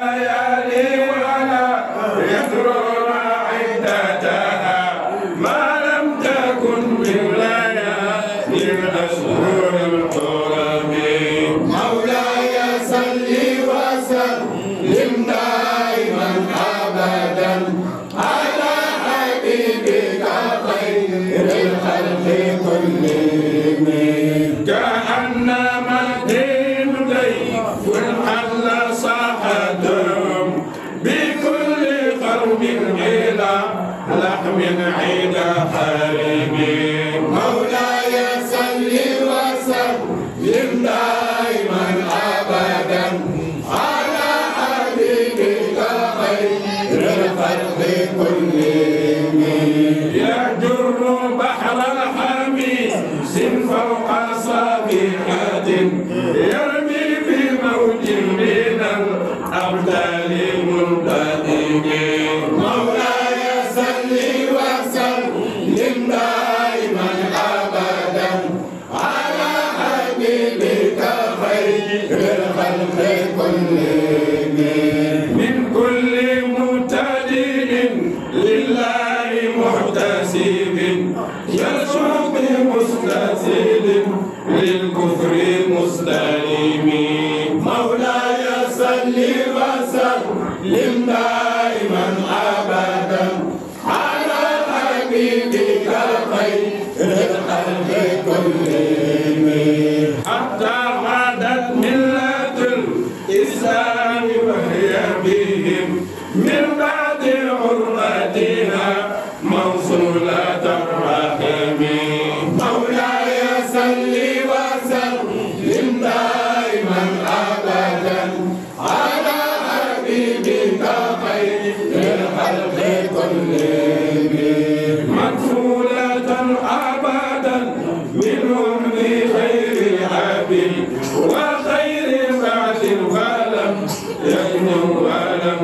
يا لي ولا يكرم عندنا Amen.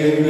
Amen.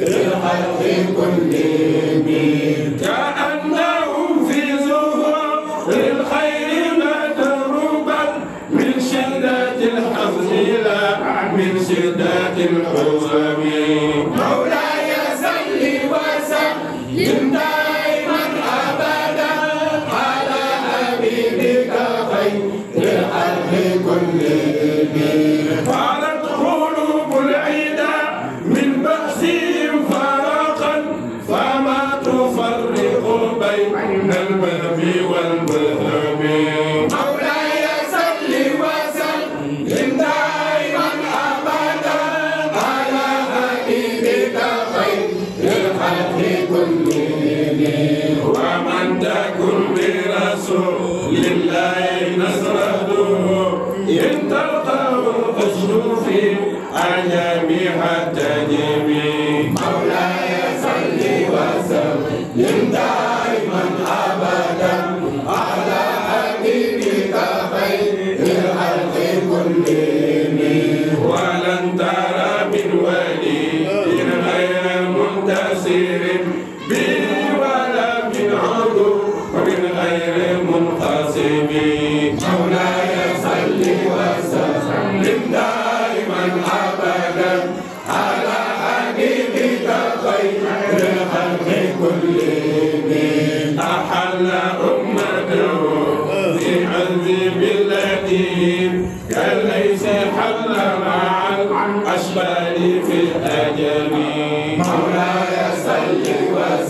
الخلق كلهم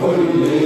Holy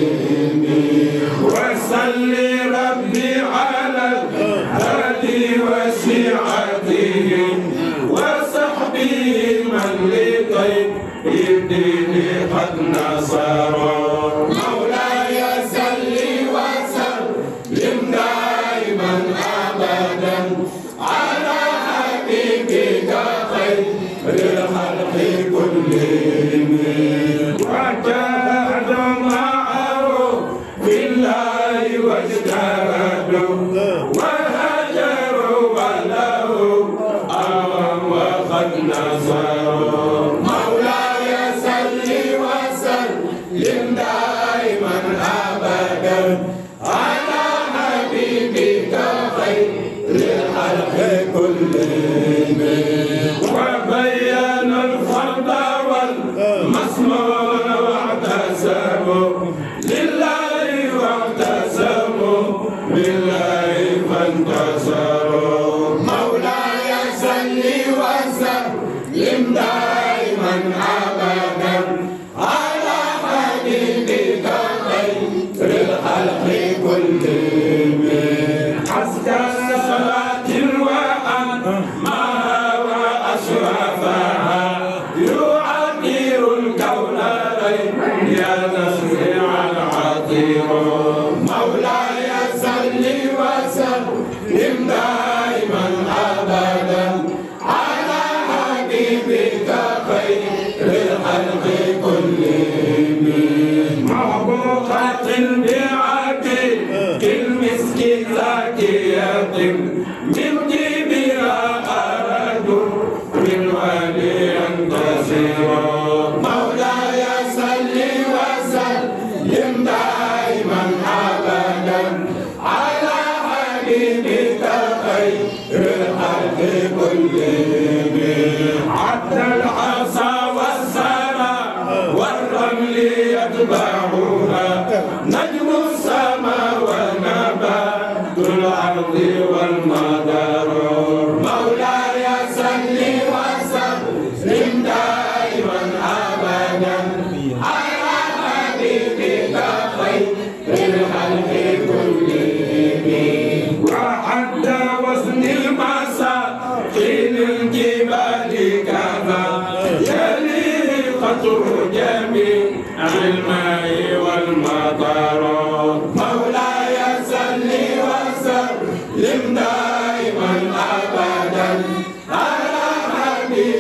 يتبعها نجم السماء ونبات الأرض والمدى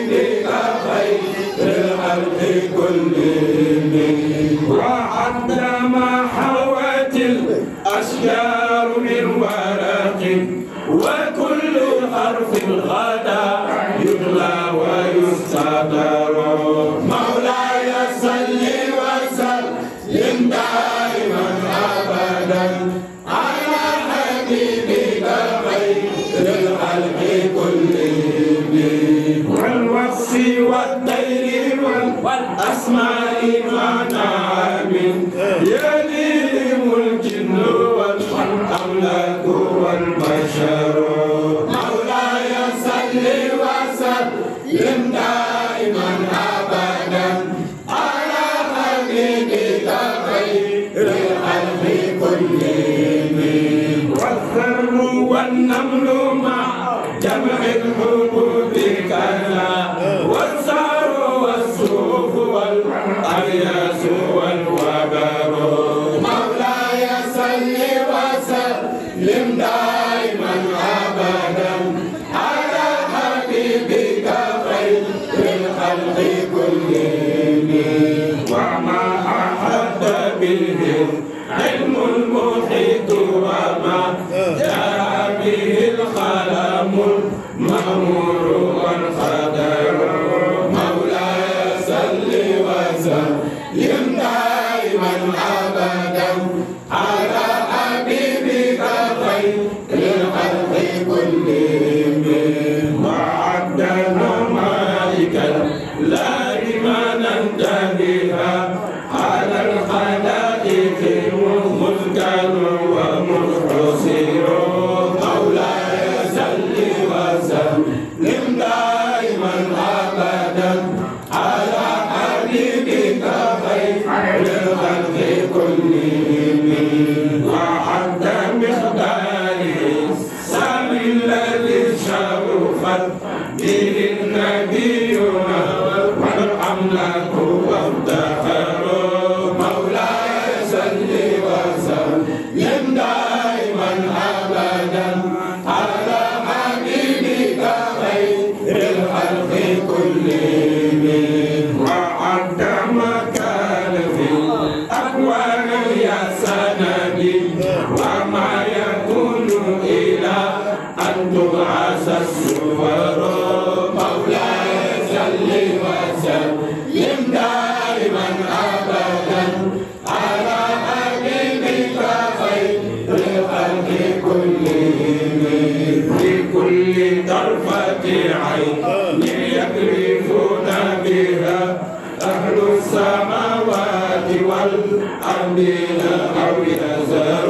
بين أخي في الأرض كلهم وعندما حوت من ورق وكل حرف غالي Hallelujah. طرفة عين يكرفون بها أهل السماوات والأرض أو يزال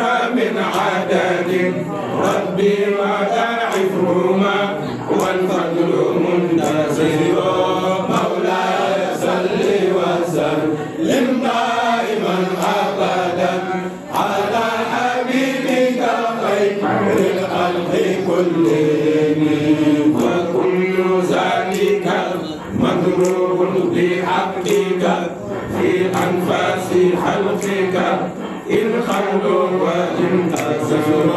مر من عدد ربي ما تعرفهما والفضل منتظر Senhor.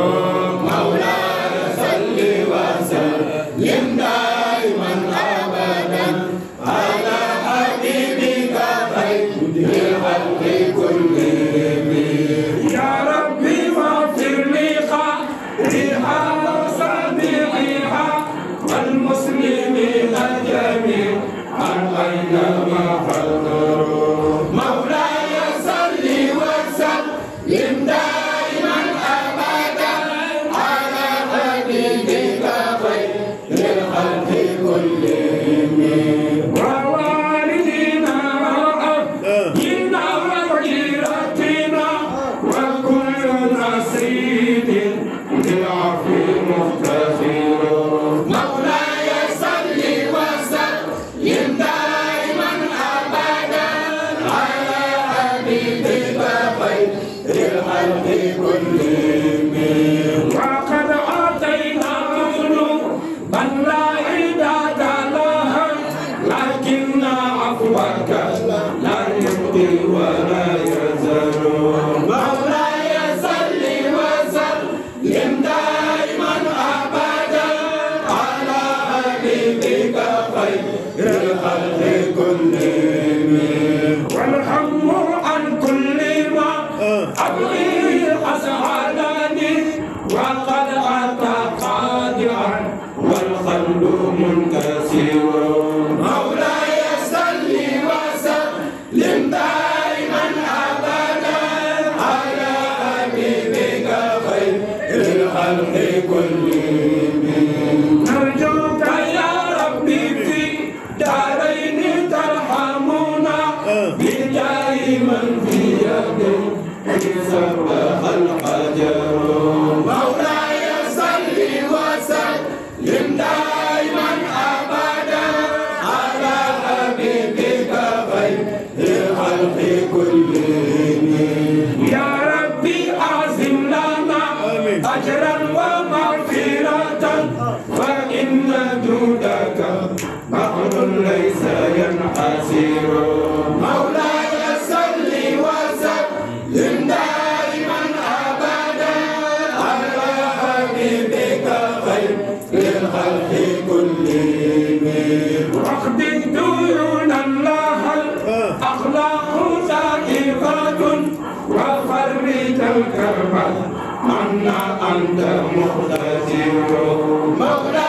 Muhammad Azizul Mawla.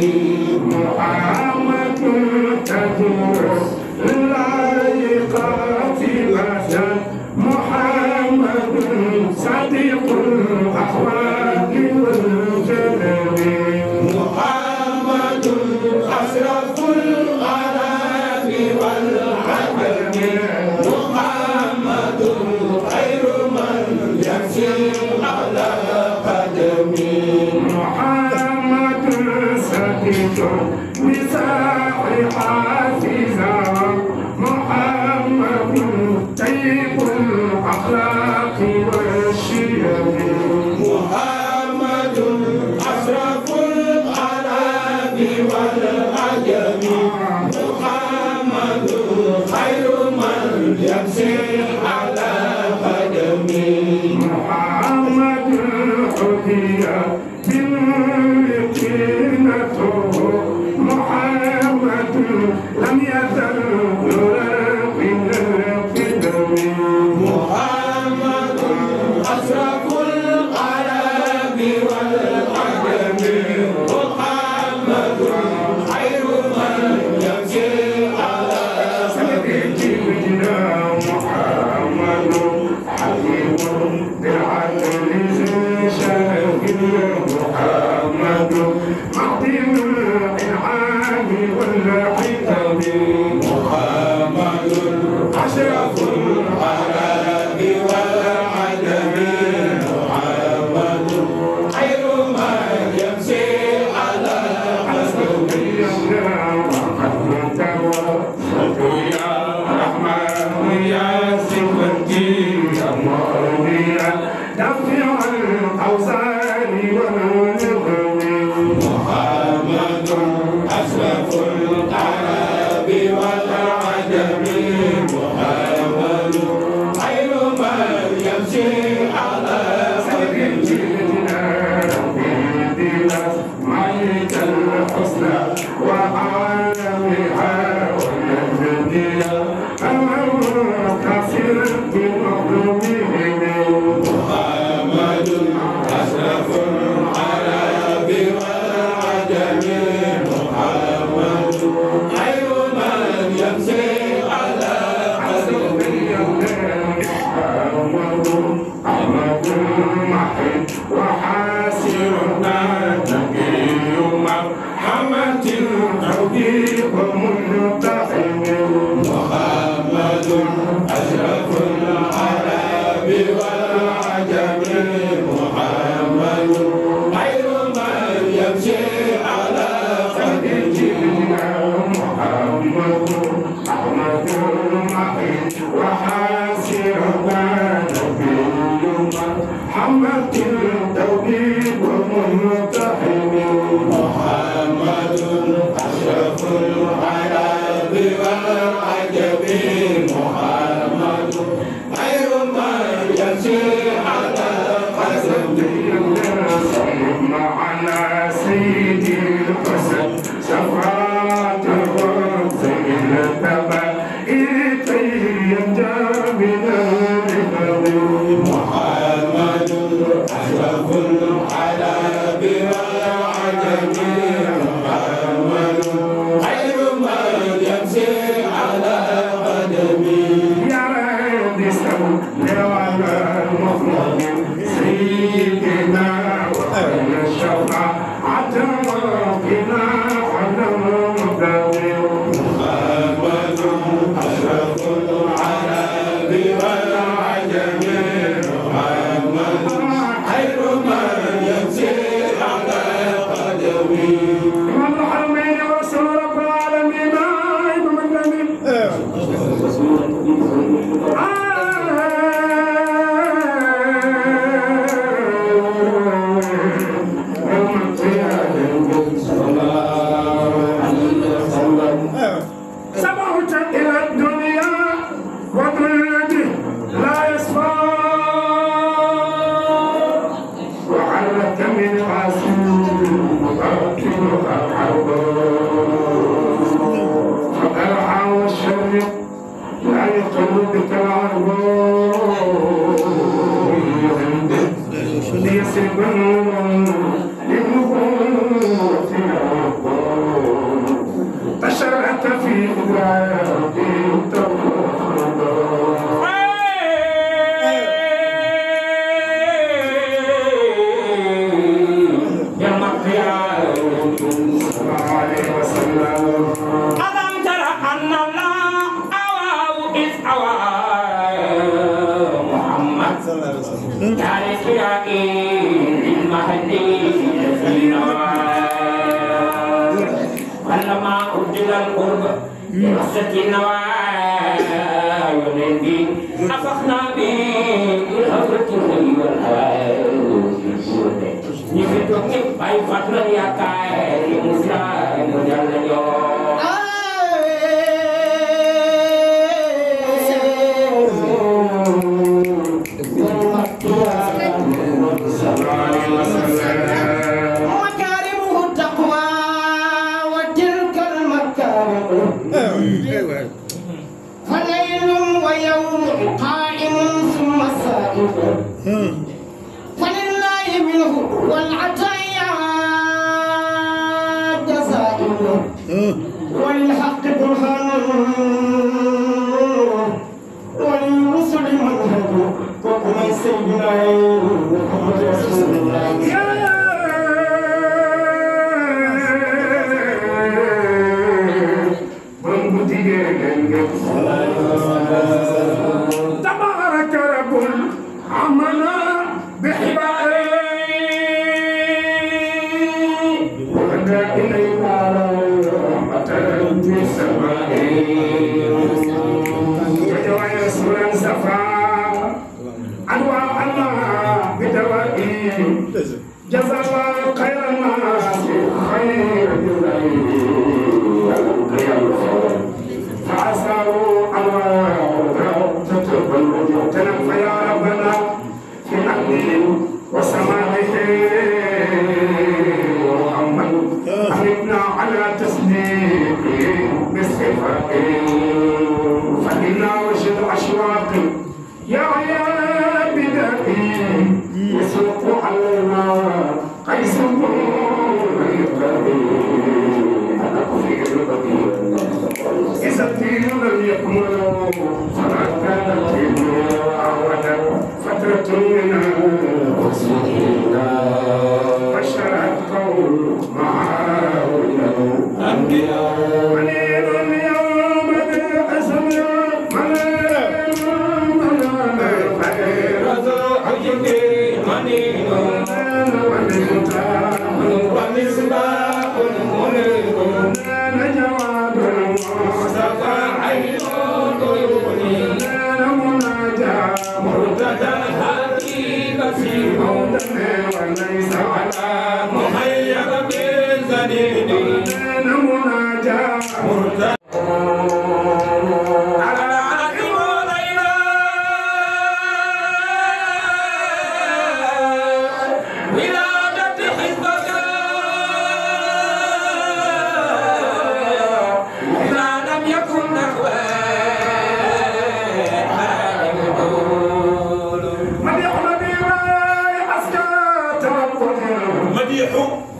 محمد تدور لا يقال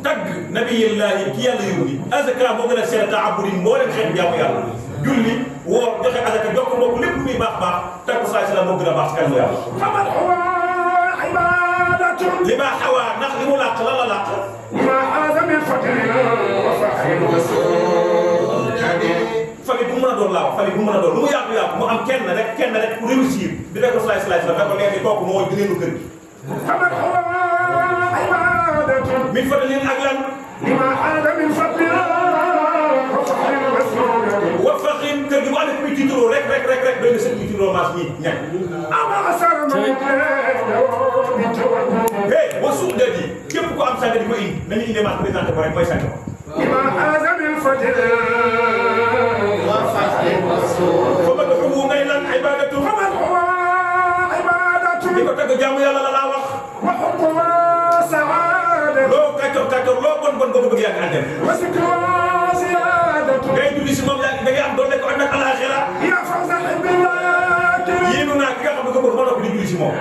tagg nabiyillaahi ki yàlla yónni azaka moo gën a seer taabudi mboolem xeet jaamu yàlla julli woor joxe azaka jox ko mbokk lépp muy baax baax tagg saa si la moo gën a baax si kanamu yàlla xamal li ma xawaa ndax li mu làq la la làq ma azami fatina wa faxin fali bu mu mën a doon laaw fali bu mu mën a doon lu mu yaatu yaatu mu am kenn rek kenn rek ku réussir di ne ko salaay salaay salaam ne ko léegi kooku moo gëneenu kër gi min fadlin ak lan lima xaala min fadlina wa faqin kër gi bu ànd kuy tiitaroo rek rek rek rek doy na seen kuy tiitaroo maas ñi ñàkk ama sarama hey wa suudat yi képp ku am sànni di ko indi nañu indi maas présenté ko rek mooy sànni ko lima xaala min fadlina wa faqin wa suudat fa ma dëkk bu ngay lan ibadatu fa ma ibadatu di ko tagg jaamu yàlla la laa loo bon bon boo ko bëgg yàgg àjjana. ngay julli si moom yàgg da ngay am doon nekk ànd ak alaxira. yéenu naa ki nga xam ne ko bëgg ba noppi di julli si moom.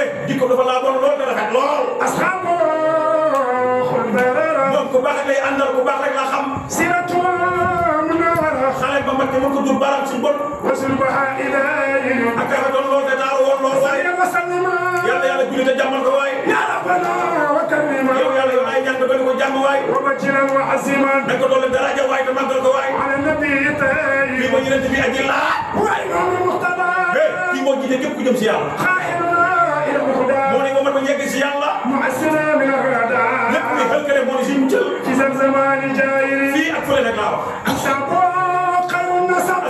eh jikko dafa laa bon lool dana fekk lool. moom ku baax rek lay àndal ku baax rek la xam. Bamba te mën ko dóor baaraam suñu bopp. wasalaamaaleykum. ak kaka doon lool de daal woon lool waaye. yàlla yàlla julli te jàmmal ko waaye. yow yàlla yow ay ñaan doon ko jàmm waaye. na ko doon daraja waaye te màggal ko waaye. kii mooy yonent bi aji laa. kii moo jiite képp ku jëm si yàlla. moo ne ma mën a yegg si yàlla. lépp luy xel kër moo ne si ñu jël. fii ak fële nag laa wax.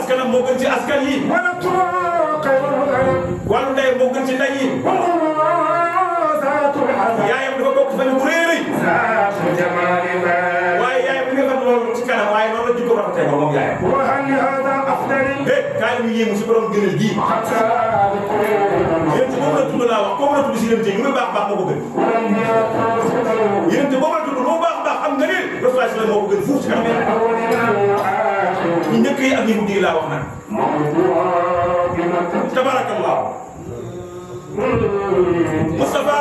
askanam moo gën ci askan yi. wala tuuti kay. wàllu ndey moo gën ci ndey yi. yaayam dafa bokk fan bu rëy a rëy. waaye yaayam li nga xam loolu ci kanam waaye noonu la jikko rafetee ba moom yaayam. eh kaay bi yéemu si borom gënal gii. yéen ci moom la tudd laa wax kooku la tudd si yéen tey lu muy baax baax moo ko gën. yéen te boobu la tudd lu mu baax baax am nga ni. rafetlu moo ko gën fuuf si kanam. màkk yi ak ñi mu diir laa wax nag. tabarakallah. Moustapha.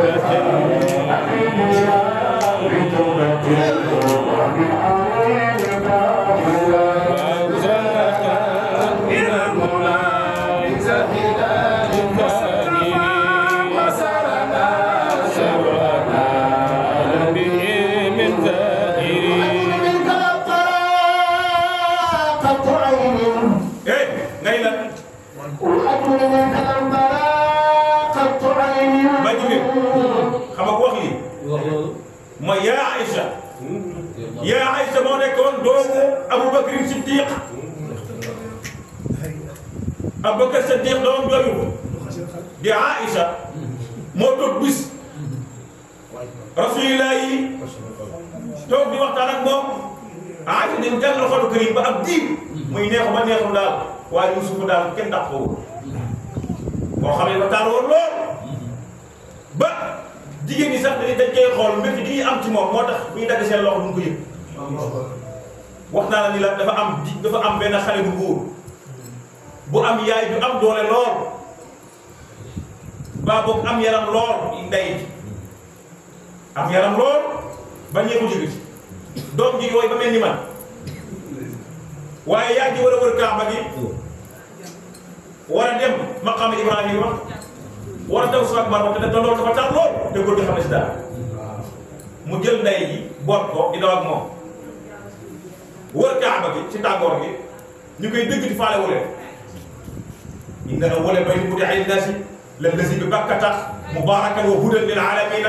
Yeah. Siddiq doom jooju di Aïcha moo toog bis rasulillah yi toog bi waxtaan ak moom Aïcha dañ jàng loxolu këriñ ba ab diib muy neexu ba neexu daal waaye Yuusufu daal kenn dàq ko boo xam ne waxtaan woon lool ba jigéen ñi sax dañuy dañ koy xool mbir di am ci moom moo tax bu ñu dagg seen loxo duñ ko yëg wax naa la ni la dafa am dafa am benn xale bu góor bu am yaay ju am doole lor ba boog am yaram lool ndey am yaram lor ba ñëw mu jóge dom ji yoy ba melni man waye yaay ngi wara wër kaaba gi wara dem maqam ibrahim war a daw sa akbar ba te te dafa tax lor te ko gi xam ne mu jël ndey gi bor ko di daw ak moom wër kaaba gi ci tagor gi ñukay dëgg di faale wu leen إن أول بيت وضع للناس للذي ببكة مباركا وهدى للعالمين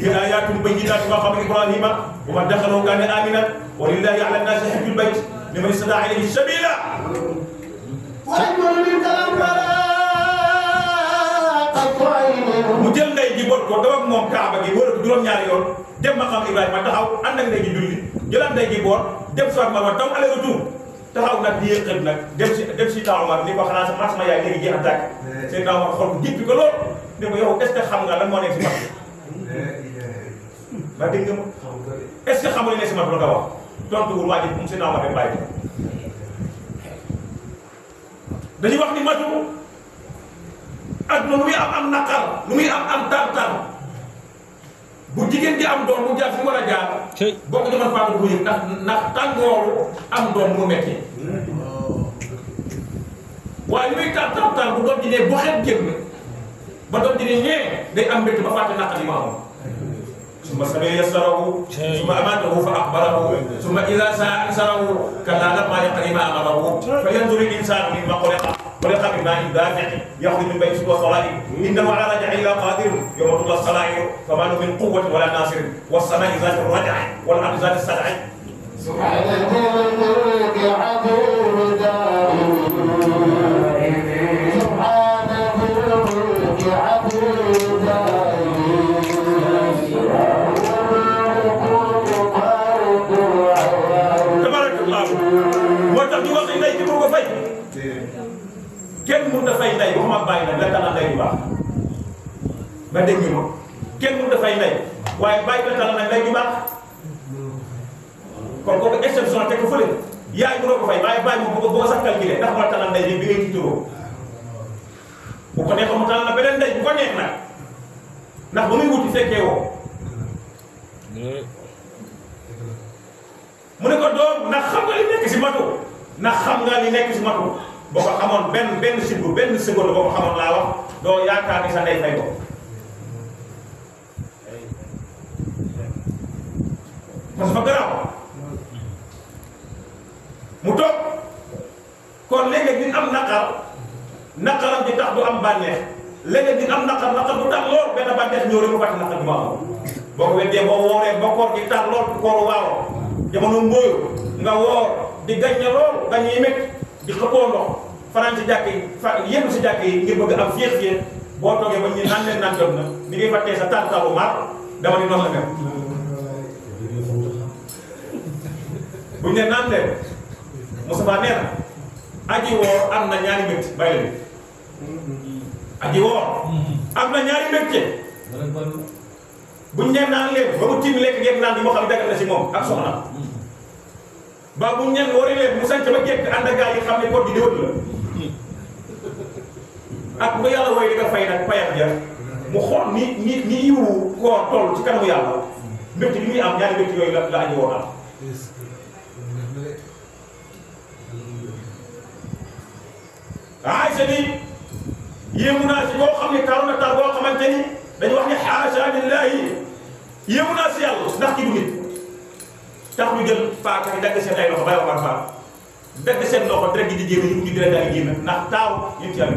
فيه آيات بينات وقام إبراهيم ومن دخله كان آمنا ولله على الناس حج البيت لمن استطاع إليه السبيل mu jël ndey ji bot ko daw ak moom kaaba gi wër ak juróom ñaari yoon dem ma xam ibrahima taxaw ànd ak ndey ji julli jëlaat ndey ji boot dem soit ma wa taw aller retour taxaw nag di yëqat nag dem si dem si Omar ni ko xanaa sa mas ma yaay léegi jeex a tàkk eh. seen Omar xool bu jippi ko lool ne ko yow est-ce que xam nga lan moo nekk si mat eh, eh. ba dégg nga ma est-ce que xam nga ne si mat la nga wax tontuwul waa ji mu seen Omar rek bàyyi dañuy wax ni matu ak lu muy am am naqar lu muy am am tar-tar bu jigéen di am doom bu jaar fu mu war a jaar. boo ko defoon femme bu ndax ndax tàngooru am doom mu metti waaye li muy tànn tànn tànn bu doom ji ne bu xet génn ba doom ji ne ñee day am mbégte ba fàtte naqar yi ma amoon. summa samee yasarahu. summa amaatahu fa axbarahu. summa idaa saa isarahu kallaa lammaa yaqdi maa amarahu. fa yanzuri l insaanu mimmaa xuliqa ولقى ماء دافع يخرج من بين سوى انه على رجع الا قادر يوم تطلع الصلاة فما له من قوه ولا ناصر والسماء ذات الرجع والارض ذات السدع سبحان الملك عظيم دار kenn mënut a fay ndey waxuma bàyyi nag la talal ndey bu baax ba dégg ma kenn mënut a fay ndey waaye bàyyi la talal nag ndey bu baax kon kooku ko fële yaay mënoo ko fay waaye bàyyi moom ko sax calculé ndax moo talal ndey ko neexoon mu talal ndax ba muy wuti fekkee woo mu ne ko doom ndax xam nga li nekk si matu ndax xam nga li nekk si matu boo ko xamoon benn benn simb benn seconde boo ko xamoon laa wax doo yaakaar ni sa ndey fay ko parce que fa mu toog kon léegi ñu am naqar naqaram di tax du am bànneex léegi ñu am naqar naqar du tax lool benn bànneex ñëw rek mu fàtte naqar bi ma am boo weddee boo wooree ba koor di tax lool koor waawoo jamono mbóoyu nga woor di gaññe lool gaññe yi métti di xëppoo ndox fanaan ci jàkk yi yenn ci jàkk yi ngir bëgg am fiir fiir boo toogee ba ñu naan leen naan jot na ni ngay sa dama ni la mel leen aji woor am na ñaari leen aji woor am na ñaari mbégte buñ ne naan leen ba mu tiim lekk ngeen naan yi moo xam dagal na ci moom ak soxna ba buñ ne woori leen mu ba yi ko di déwén la ak bu yàlla wooy di nga fay nag payam ja mu xool ni ni ni yiwu koor toll ci kanamu yàlla mbégte bi muy am ñaari mbégte yooyu la la aji woon am Aïcha ni yéemu naa si boo xam ne taru na tar boo xamante ni dañu wax ne xaasa lillahi yéemu naa si yàlla ndax ci du nit tax ñu jël paaka yi dagg seen ay loxo bay waxaat paaka dagg seen loxo di jéem a ñu di direct daal ndax taaw yéen ci yàlla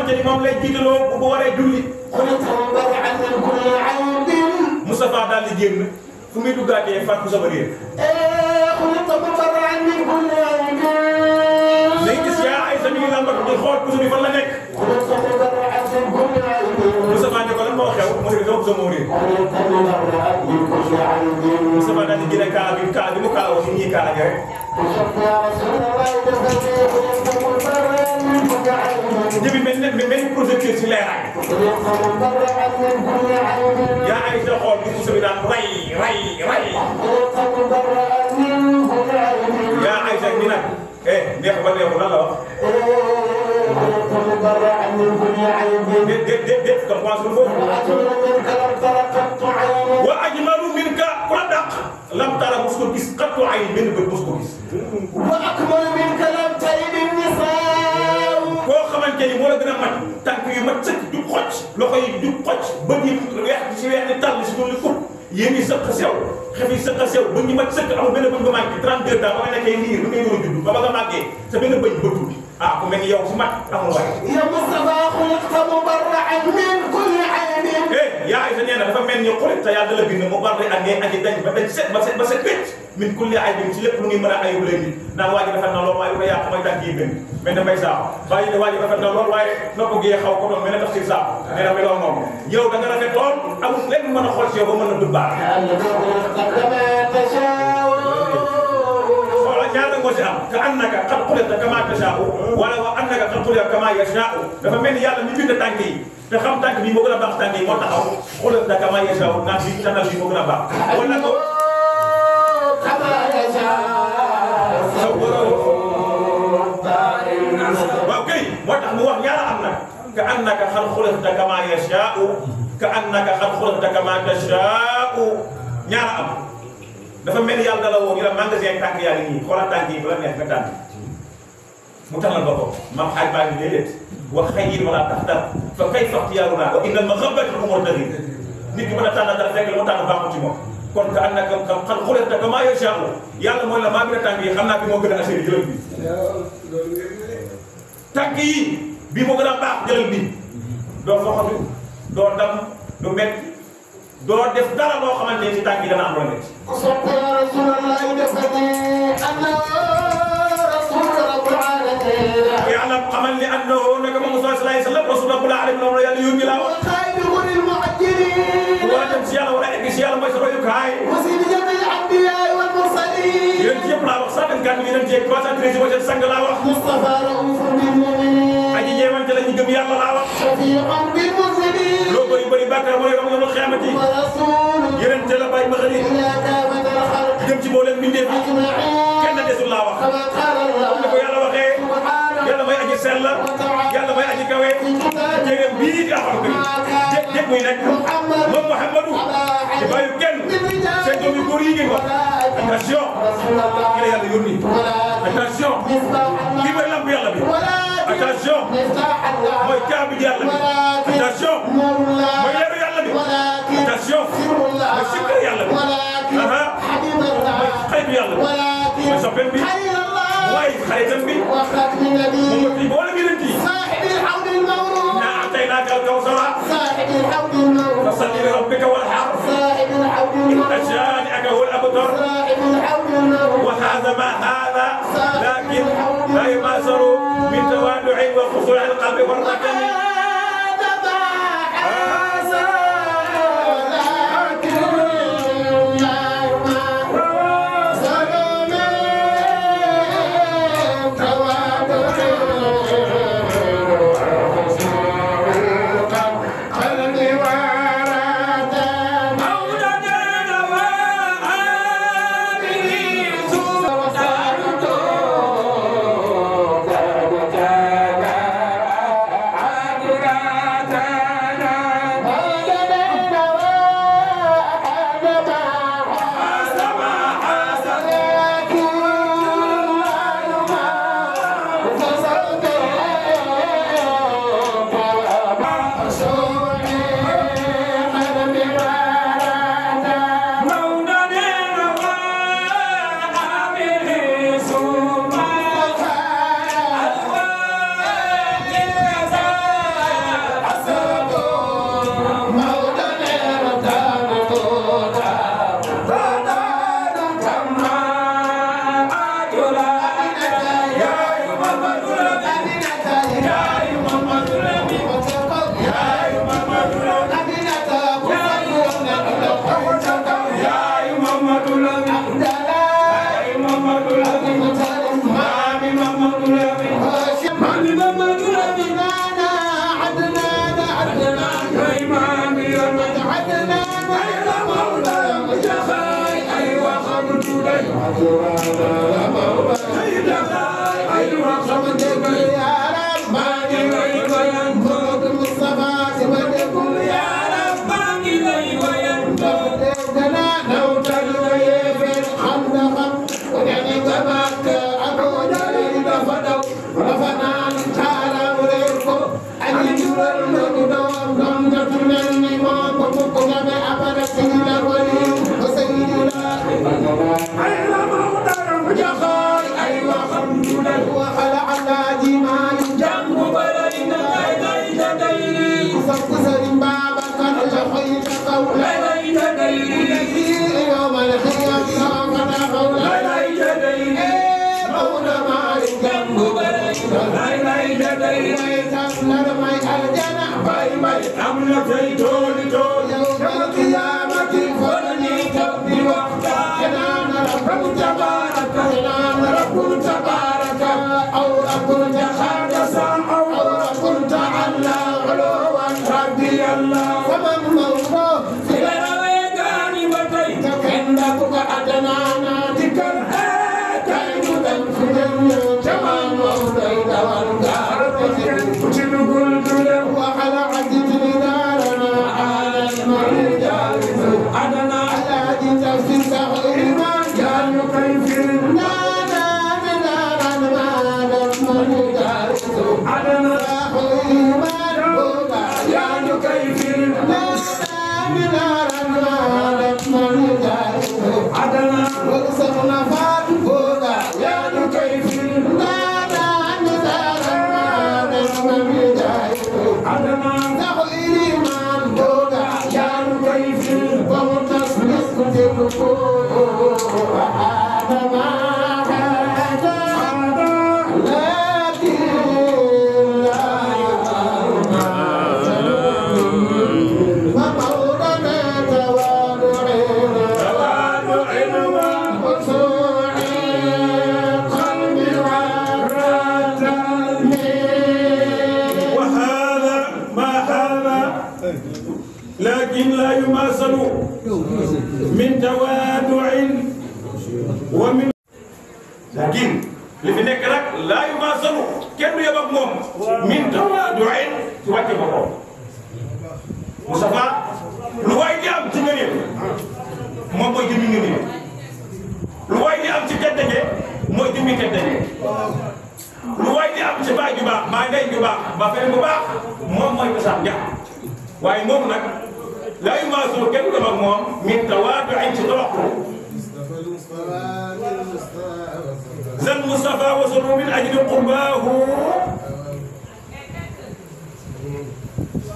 xamante ni moom lay jiitaloo bu ko waree julli. Moustapha daal di génn fu muy duggaatee fàttu sama réer. day gis yaa ay sa mi ngi lambatu di xool puso bi fan la nekk. mu ne doo puso moo réer. Moustapha daal di génne kaa bi kaa bi mu kaa woon rek. جيبي من من بروجيكتور سي ليراي يا عائشة خول بيسو سبينا راي راي راي يا عائشة هنا ايه نيخ بني هنا لا وقت وأجمل منك ردق لم ترى مسكوكيس قط عين من بالمسكوكيس وأكمل منك لم تلد النساء xamante ni moo la gën a mat tànk yu mat sëkk jub xocc loxo yi jub xocc bët yi weex si weex ni tàll si doon li fut yéen ñi sëq sew xef yi sëq sew bëñ yi mat sëkk amul benn bëñ nga manqué 32 ans ba nga nekkee nii bu ngay doon judd ba ba nga màggee sa benn bëñ bëtul ah ku mel ni yow su mat amul waay. ya Mustafa xuliqta mubarra'an min kulli aybin. eh yaa Aysa nee na dafa mel ni xuliqta yàlla la bind mubarra'an ngay aji dañ ba dañ set ba set ba set wécc min kulli aybin ci lépp lu ñuy mën a ayub léegi naan waa ji dafa na lool waaye dafa yàq mooy tànk yi gën mais damay saako waa ji waa ji dafa na lool waaye nopp gi xaw ko doon mel ne daf si saako. nee na meloon noonu yow da nga rafet lool amul lenn mën a xool ci yow ba mën a dugg baax. tashaaw te annaka qad qulta kamaa tashaaw wala wa annaka qad qulta kamaa yashaaw dafa mel ni yàlla mi bind tànk yi te xam tànk bi moo gën a baax tànk yi moo taxaw qulta kamaa yashaaw naan bi tànnal bi moo gën a baax wala ko kamaa yashaaw waaw kay moo tax mu wax ñaara am na ka annaka qad qulta kamaa yashaaw ka annaka qad qulta kamaa tashaaw ñaara am dafa mel yàlla dala woo ñu la magasin ak tànk yaa nii xoolal tànk yi bala neex nga tànn mu tànnal boppam maam xaaj yi a tànnal dara fekk mu tànn baaxul am na kam xam xam xulet ka maa la maa bi na tànk yi xam naa bi moo gën a assuré jëlal bi tànk yi a baax bi doo dam du metti doo def dara loo xamante ne ci tànk yi dana am loo nekk. sopp yaa rasulallah defati anna rasula rabbil alamin. yàlla xamal ni annahu naka moom Musaa sallallahu alayhi wa sallam rasul rabbil alamin loolu yàlla yónni laa wax. xayrul mu'ajjilin. war a dem ci yàlla war a egg ci yàlla mooy sa royukaay. wasila jamil anbiya wal mursalin. yéen yëpp laa wax 124 yi dem ci 313 mooy seen sang laa wax. Mustafa raufun bil mu'minin. aji jeewante la ñu gëm yàlla laa wax. loo bëri bëri bàkkaar mooy ram yoonu xiyamati yërënte la bàyyi ma xëri jëm ci mboolem mbindeef kenn desul laa wax comme ni ko yàlla waxee yàlla may aji sell yàlla may aji kawe jege bii nga xam ne jég muy nekk moom Mouhamadou di bàyyi kenn seen doom yu góor yi ngeen wax attention ki la yàlla yónni attention li may lamb yàlla bi attention mooy kaabu yàlla bi attention mooy leeru yàlla bi attention mooy sikkar yàlla bi mooy xaytu yàlla bi mooy soppeem bi waaye xaritam bi moom it boole bi leen kii naa tey naa kaw kaw sama فصل لربك والحر إن شانئك هو الأبتر وهذا ما هذا لكن لا يمازر من توالع وخضوع القلب والركن Madhurada a great واي موم نا لا يمازور كين دبا موم من تواضع انت طلقه زن مصطفى وصل من اجل قرباه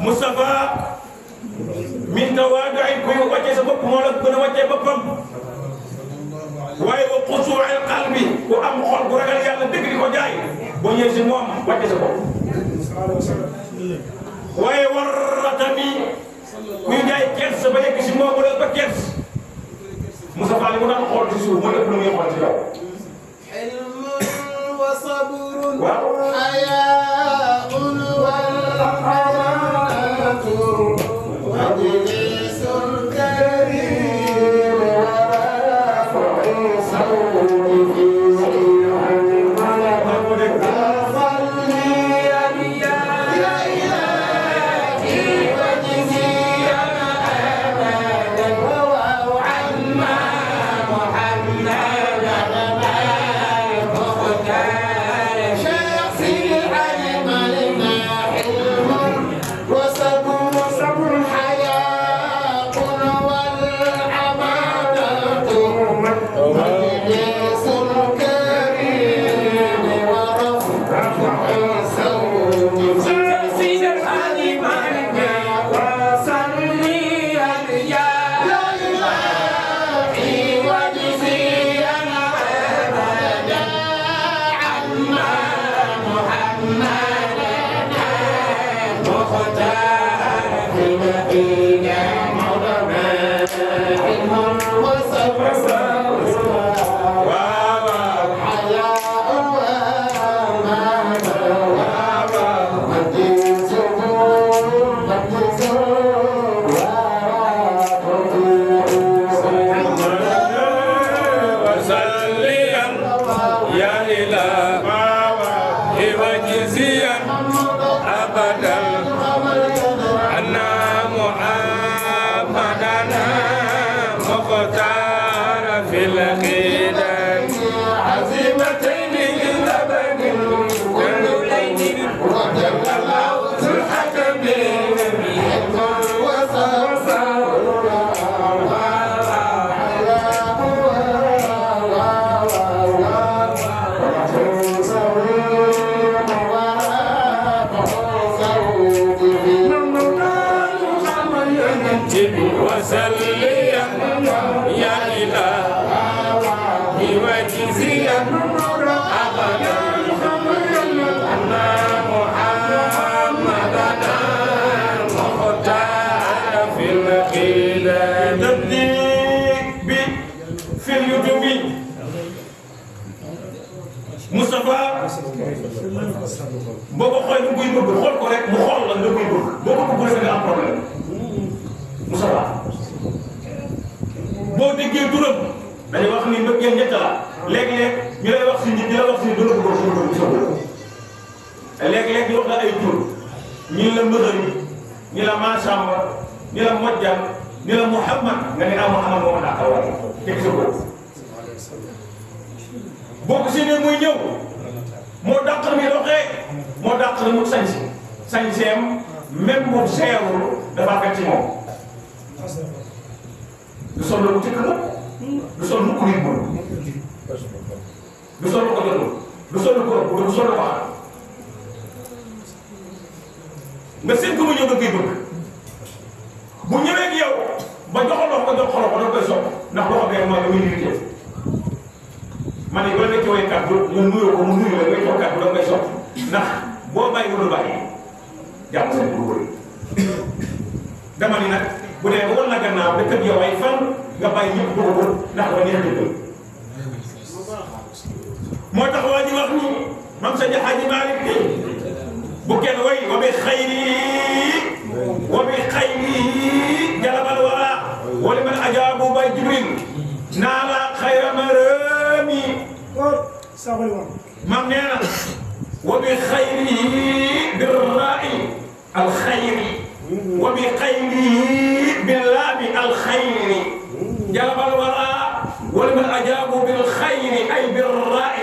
مصطفى من تواضع كوي وجه سبب مولا كنا وجه بابام واي وقصوع القلب وام خول غرغال يالا دغ ديكو جاي بو نيي سي موم وجه سبب waaye warata bi muy jaay kersa ba si moom la ba kersa Moussa Fall mu daan xool ci suuf mooy ëpp lu muy xool ci kaw. waaw. boko xoy lu bëgg xol ko rek mu xol la lu muy bëgg boko ko bëgg nga am problème musala bo déggé turam dañu wax ni mbëgg ñett la leg leg ñu lay wax ci nit ñu la wax ci do ko ko ko ay tur ñi la ñi la ma ñi la mojjal ñi la muhammad nga ni muhammad mo da ka war tek so ci ne muy ñew moo dàq la muy doxee moo dàq la mu sañ sañseem même moom seerul dafa fekk ci moom lu sol lu ko yëg moom du sol lu ko jëloon sol lu ko du sol lu wax nga seen ko mu ñëw nga koy bu ñëwee ak ba joxoloo ko joxoloo ko da koy sopp ndax loxo bee mooy da muy limité ma ne bala nga joxee kàddu nga nuyoo mu nuyu la ngay jox kàddu da ngay sotti ndax boo bàyyi ko du bàyyi dama ni nag bu dee woon nga bàyyi ñëpp dugg ko bu kenn way wa xayri wa xayri jalabal wara wa liman ajaabu bay jibril naa la xayra كلامي من نينا وبخيره بالراء الخير وبخيره باللام الخير جاب الوراء ولمن أجابوا بالخير أي بالراء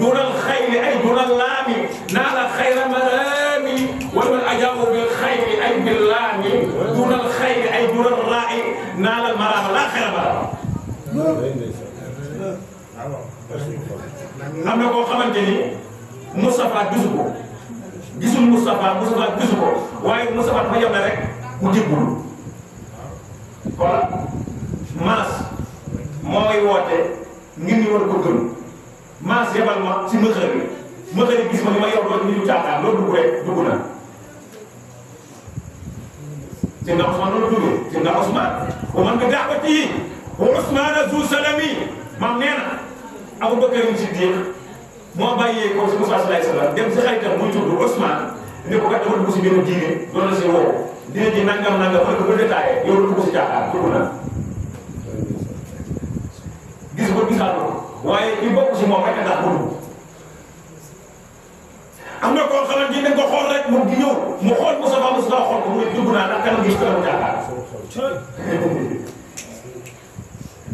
دون الخير أي دون اللام نال am na koo xamante ni Moustapha gisu ko gisul Moustapha Moustapha gisu ko waaye Moustapha dafa yem na rek mu jébbul voilà maas mooy woote ngir ñu war a ko gëm maas yebal ma ci mëxër bi mëxër yi gis ma ni ma yor loolu ni ñu caaxaan loolu dugg rek dugg na te na Ousmane dugg te na Ousmane bu man bi daa ko tii wa Ousmane zu salami maam nee Abubakar Siddiq moo bàyyee ko si Musaa sallallahu alayhi wa sallam dem si xaritam muy tudd Ousmane ne ko kat dafa dugg si biiru diine doon na si woo dina ji nangam nangam mën ko bu détaillé yow dugg si caaxaan dugg na gis ko gisaat ko waaye ñu bokk si moom rek ndax dund am na koo xamante ni dañ ko xool rek mu ñëw mu xool Musaa Musaa xool ko mu dugg naa ndax kanam gi ci kanam caaxaan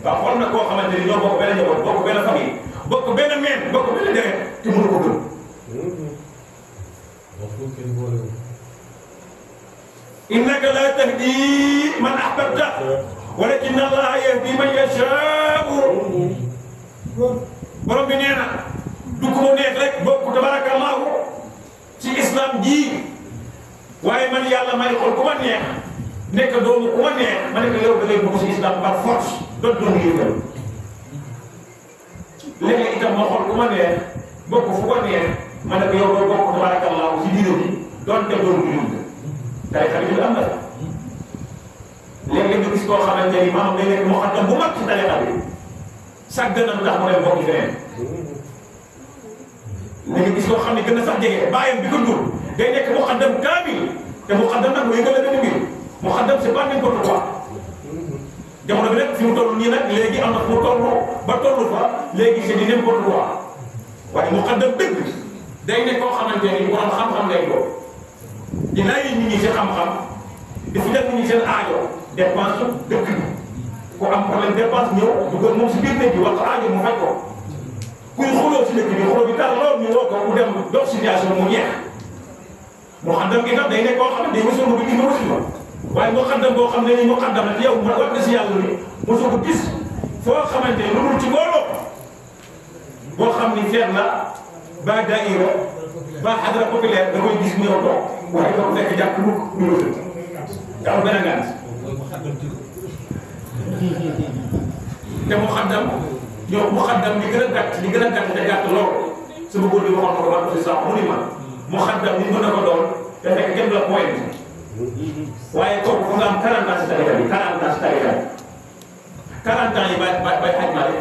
waaw kon nag koo xamante ni ñoo bokk benn njaboot bokk benn famille bokk benn meen bokk benn deret te mënu ko gëm innaka la tahdi man ahbabta walakin allah yahdi man yashaa'u borom bi nee na du ko mu neex rek bokk tabarakallahu ci islam ji waaye man yàlla may xool ku ma neex nekk doomu ku ma neex ma nekk yow da ngay bokk ci islam par force dootu doon ngir dem léeg-léeg itam ma xool ku ma neex bokk fu ko neex yow doo bokk tabaarakallaahu ci diine bi doon doon ngir dem day xam ne am na fa léeg-léeg nga gis koo xamante ni maanaam day nekk moo xam bu mag tax mu dem bokk feneen léegi gis koo xam ne gën a sax nekk muqaddam kaamil te muqaddam nag mooy gën a gën a mbir muqaddam c'est pas n'importe jamono bi nag fi mu toll nii nag léegi am na fu mu toll ba toll fa léegi c'est du n'importe quoi waaye mu xaddam dëgg day ne koo ne ni borom xam-xam lay doon di laaj nit ñi seen xam-xam di fi def seen aajo dépense dëkk bi ku am problème dépense ñëw dugal moom si biir néeg bi wax ko mu faj ko kuy si dëkk bi xuloo bi tar ko ku dem dox situation mu jeex gi nag day ne koo xam ne day wësoon ba du ñu wësoon waaye muqaddam boo xam ne nii muqaddam la yow man war na si yàlla ni mosoo ko gis foo xamante ni lu dul ci mbooloo boo xam ni feet la ba daayira ba xadra populaire da koy gis ñëw toog ko fekk am benn ngànt te muqaddam yow muqaddam li gën a gàtt li gën a gàtt te gàtt lool sama góor bi waxoon na ko mu ni ko doon te fekk kenn la point waaye kooku nga am 40 ans si tarixa bi 40 ans si tarixa bi 40 ans yi bay bay xaj ma rek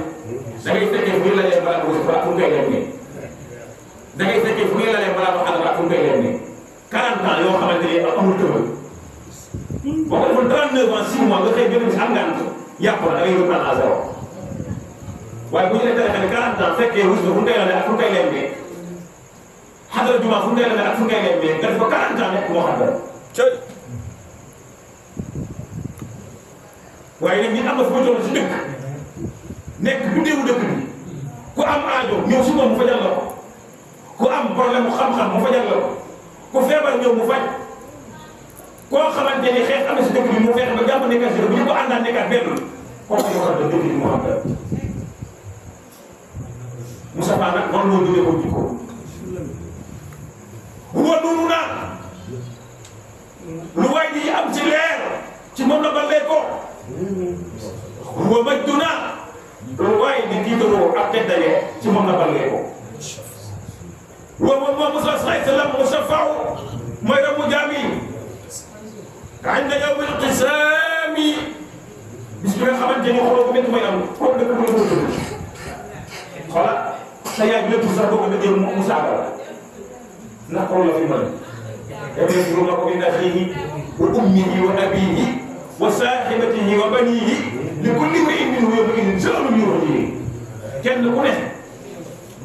da ngay fekkee fu ñu la leen balaa ko wala pour ngay leen ne da ngay fekkee fu ñu la leen balaa ko xalaat pour ngay leen ne 40 ans yoo xamante ne amul tëbal boo ko defoon 39 ans 6 mois nga xëy benn si am nga yàqu na da ngay reprendre à zéro waaye bu ñu la tarixa bi 40 ans fekkee wus na fu ngay la ne ak fu ngay leen ne xadal juma fu ngay la ne ak fu ngay leen ne nga def ko 40 ans nekk moo xam dara cëy waaye nag ñun am na fu ma toll ci dëkk nekk bu déewu dëkk bi ku am aajo ñëw si moom mu fajal la ko ku am problème mu xam-xam mu fajal la ko ku feebar ñëw mu faj koo xamante ni xeex am na si dëkk bi mu fexe ba jàpp nekkaat si benn mu am dara Moussa Ba nag noonu la ñu dundee ko jikko wóor lu waay di am ci leer ci moom la ballee ko wa majduna lu waay di tiitaroo ak teddalee ci moom la ballee ko wa moom moom Musaa sallallahu alayhi wa sallam musaffa'u mooy ramu jaam nga xamante ni xooloo bu métti mooy am xool dëkk bu la ko xoola sa yaay bi lépp sax يبذلونه من أخيه وأمه وأبيه وصاحبته وبنيه لكل امرئ منه يومئذ شغل يغنيه kenn ku ne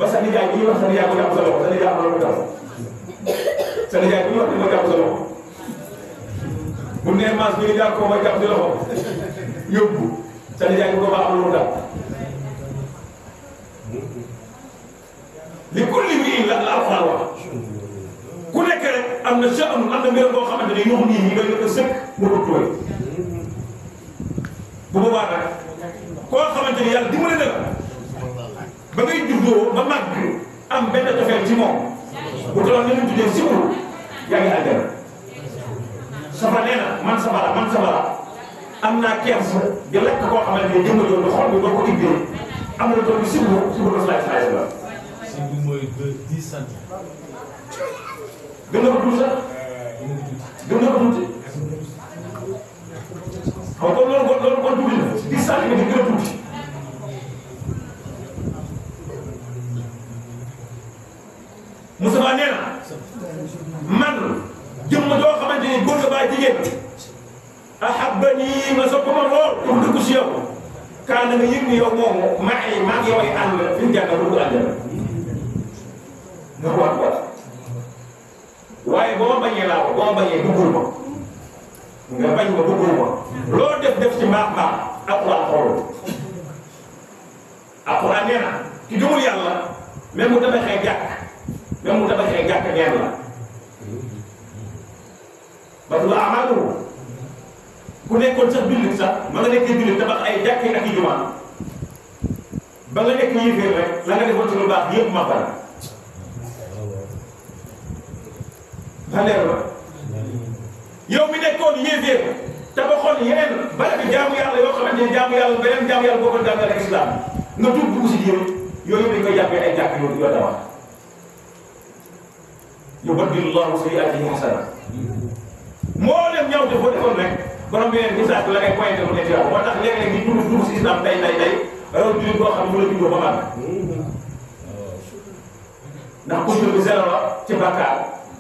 ba sa nijaay bi ñuy wax sa nijaay ko jàpp sa loxo sa nijaay amal ko jàpp sa nijaay bi ñuy wax ni ma jàpp sa loxo bu nee maas bi ñu jàpp ko ma jàpp sa loxo yóbbu sa nijaay bi ko ma amal ko jàpp li kulli bi la la alxuraan wax ku nekk am na sa amul am na mbiram boo xamante ne ñoo nii ñu doy na ko sëkk ko tooy bu boobaa nag koo xamante ni yàlla dimbali na la ba ngay juddoo ba màgg am benn cofeel ci moom bu tolloon ni mu tuddee si wul yaa ngi àjjana safa nee na man sabara man sabara am naa kees di koo xamante ne jëmma jooju xol bi doo ko ibbee am na tool bi si wul si wul la si bi mooy deux dix centimètres. gën a gudd sax gën a tuuti kon kon loolu kon loolu kon tuuti na dix centimètres gën a man jëmm doo xamante ni nga baa jigéen ahabbani ma sopp ma lool pour yow na nga yëg ni yow ngi yow ay fi nga waaye boo ma bañee laa ko boo ma bañee bëggul ma nga ma bëggul ma loo def def ci mbaax mbaax alxuraan xoolul alxuraan nee na ki gëmul yàlla même mu tabaxee jàkk même mu tabaxee jàkk neen la ba du la amaatu ku nekkoon sax jullit sax ma nga nekkee jullit tabax ay jàkk ak i jumaa ba nga nekk yéeféer rek la nga defoon ci lu baax yëpp ma bari valeur la yow mi nekkoon yéeféer ba tabaxoon yeneen barab yi jaamu yàlla yoo xamante ne jaamu yàlla beneen jaamu yàlla boo ko jàngal ak islam nga tuub dugg si diine yooyu dañ koy jàppee ay jàkk yow yoo dawal yubaddilu llahu sayyi'aatihim hasanat moo leen ñaw te boo defoon rek borom bi leen gisaat la ngay pointé mu ne ci moo tax léeg-léeg ñu dugg dugg si islam day day day raw jullit boo xam ne mu la juddoo ba mag ndax kuy bi zero la ci bàkkaar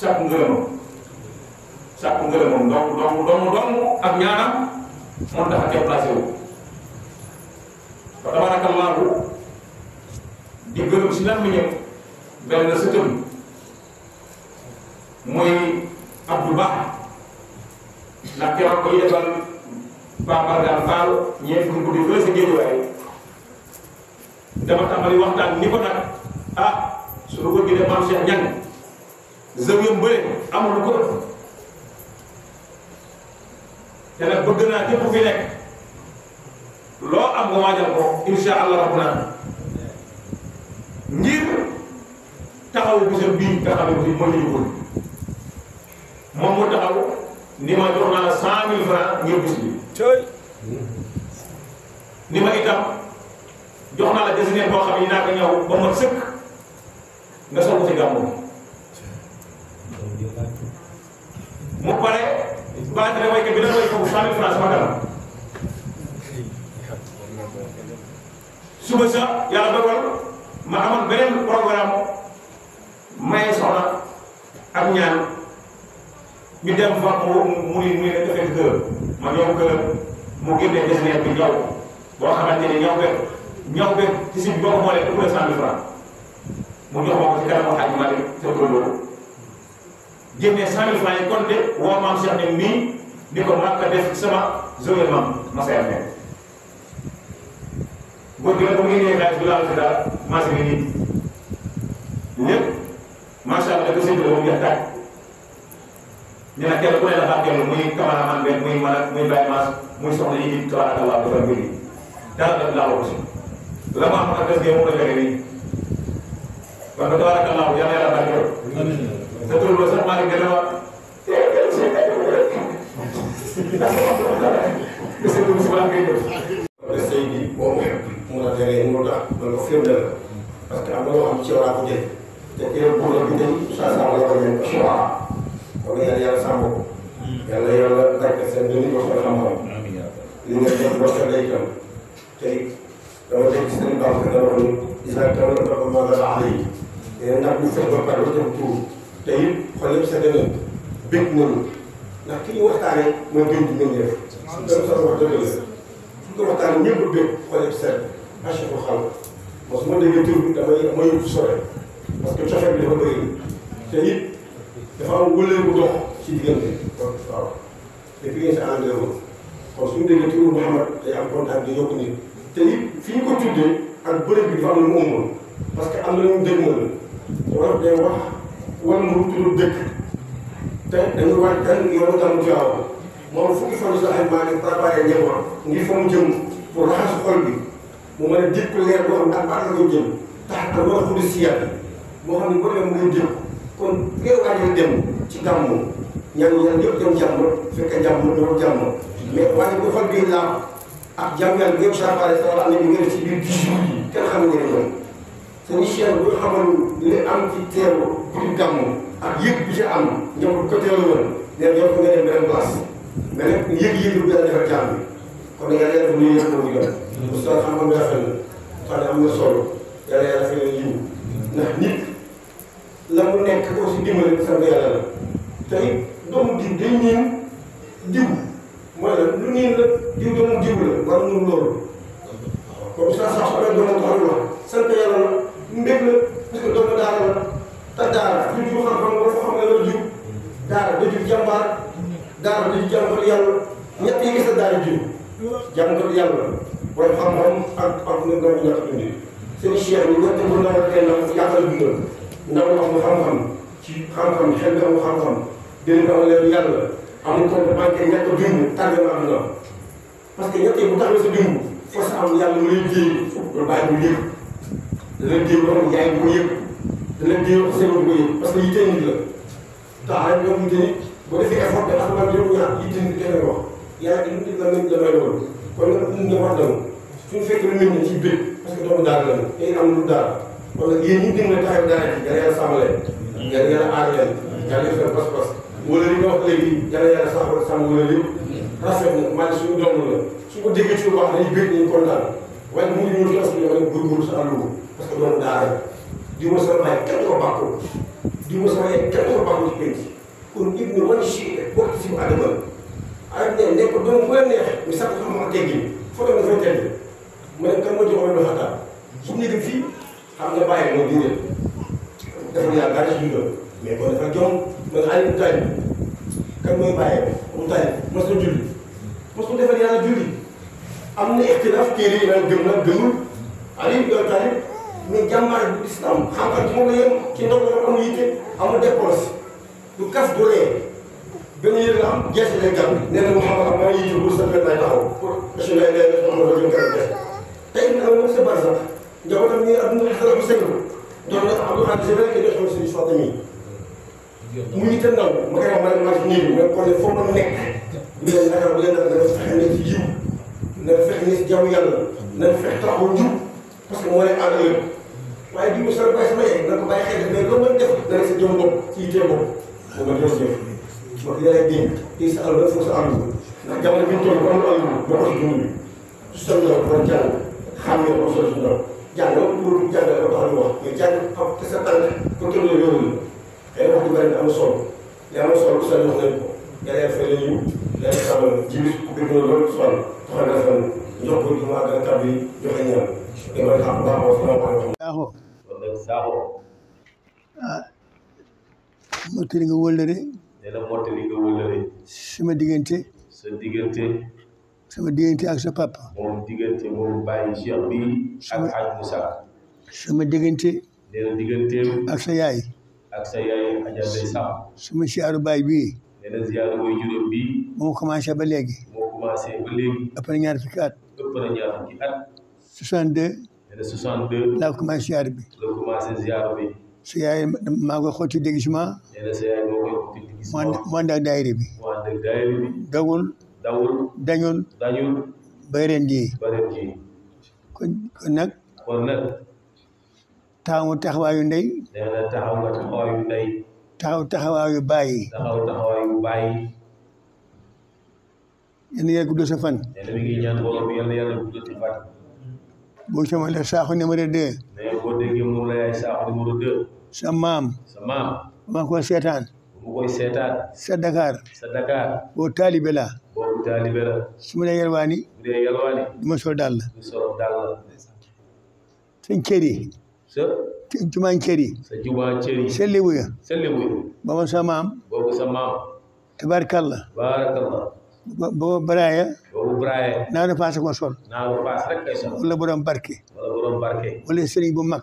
sàkku ngërëmam sàkku ngërëmam donc donc donc donc ak ñaanam moom dafa déplacé wu fa tabarakallahu di gërëm si lan mi ñëw benn sëtëm mooy Abdou Ba ndax keroog koy defal Pape Daan Fall ñeent fi mu ko defee sa géejuwaay dama tàmbali waxtaan ni ko nag ah su ko bëgg de maam Cheikh Niang zawiyam bële amul lu ko ëpp te nag bëgg naa képp fi nekk loo am nga waajal ko insha allah rabbuna ngir taxawu bisam bii nga xam ne bii mooy li ñu bëgg moom moo taxaw ni ma jox naa la cent mille francs ngir bis bi. ni ma itam jox naa la desiné boo xam ne naa ko ñëw ba ma sëkk nga soog ko gàmmu mu pare baat na waykat bi doon way foofu cent mille ma dara suba sa yàlla dogal ma amoon beneen programme maye soxna ak ñaan ñu dem fa mu mu mu ne defee kër ma ñëw kër mu génnee desineer bi ñëw boo xamante ne ñëw benn ñëw benn ci si bi boo ko boolee ëpp na cent mille mu jox ma ko ci kanam xaaj ma dem sa loolu génne cent francs compté woo maam Cheikh ne mi ni ko def sama zone maam ma sa góor bo nag bu mu indee xaalis bi laal si daal marché bi nii ma macha allah dafa sëñ bi moom jeex tàkk ñu ne kenn ku ne la barkeelu muy cameraman benn muy man ak muy Baye Mass muy soxna yi di tabarakallah dafa mbir yi dara daf laa ko ci la ma am ak des gee moom la jógee nii kon tabarakallah yàlla yàlla barkeelu sa tur ba sax maa ngi gën a wax te sëñ bi subaa ngay def. te sëñ bi boo ko xeeb mu la teree mu la tax man ko firndeel la. ci bokk ci àdduna arab ne ne ko doom bu la neex ñu sax xam-xam ak teggin foto nga fay tegg ma ne kan moo joxoon lu xataa su nekk fii xam nga bàyyi moo diine dafa yaa bari suñu doon mais kon dafa jom ma nga Aliou Taalib kan mooy bàyyi mu Taalib mosul julli mosul defal yàlla julli am na ixtilaaf téere yi naan gëm nag gëmul Aliou doon Taalib mais jàmbaar bu islam xam-xam ci moom la yem ci ndox la am yitte amul dépense du kas du ree gën a yëg am jeexit lay gàmm nee na Mouhamad maa ngi yëngu sa benn ay taxaw pour su lay lay def Mouhamad la gën a gën tey ñu am moom sa bari sax njabootam nii am na dara bu sëñ doon na am lu xam si rek def sama suñu soxna mi mu ñu te ndaw ma koy wax ma ne maa ngi nii mais kon nag foofu la nekk bu leen naka bu leen naka nga fexe ne ci yiw na fexe ne ci jàmm yàlla na fexe taxaw jub parce que moo lay ànd yëpp waaye di mu sa bàyyi sama yeeg na ko bàyyi xel mais loolu mën def dana sa jom bopp ci yitee bopp moom la jërëjëf yore diin kii sa alal foofu sa alal ndax jamono bi ñu toll ba amul alal boo ko si dund su sa ndaw boo jàng xam nga ko soo si ndaw jàng loolu jàng ko tax ñu wax mais jàng xam te sa tànk contrôle yooyu la xëy wax du bëri am solo li am solo sa wax leen ko yàlla fa leen ñu leen xamal ji bi ku bëgg loolu soxal soxal na fan jox ko jumaa gën a tab yi joxe ñaan dama xam baax wax sama wax saaxo saaxo ah ma tëri nga nee na mottali nga wëllale. sama diggante. sa diggante. sama diggante ak sa papa. moom diggante moom bàyyi Cheikh bi ak ak Moussa. sama diggante. baay bii. nee na ba léegi. moo la commencé ziyaara su yaay maa ko xotti déguisement. mu ànd ak daayira bi. dawul. dawul dañul. dañul. bay ren nag. kon nag. taxawu taxawaayu ndey. taxawu taxawaayu ndey. taxaw taxawaayu baay. taxaw taxawaayu sama la saaxu numéro deux. mais boo déggee mu yaay saaxu numéro deux. sa maam sa maam seetaan mu koy seetaan sa Dakar ma dee yalwaani su ma ma sol dàll du sol dàll sëñ kër yi sa jumaa kër yi sa jumaa kër yi sa lébu ya sa lébu naa ne paase ko sol naa borom barke wala borom bu mag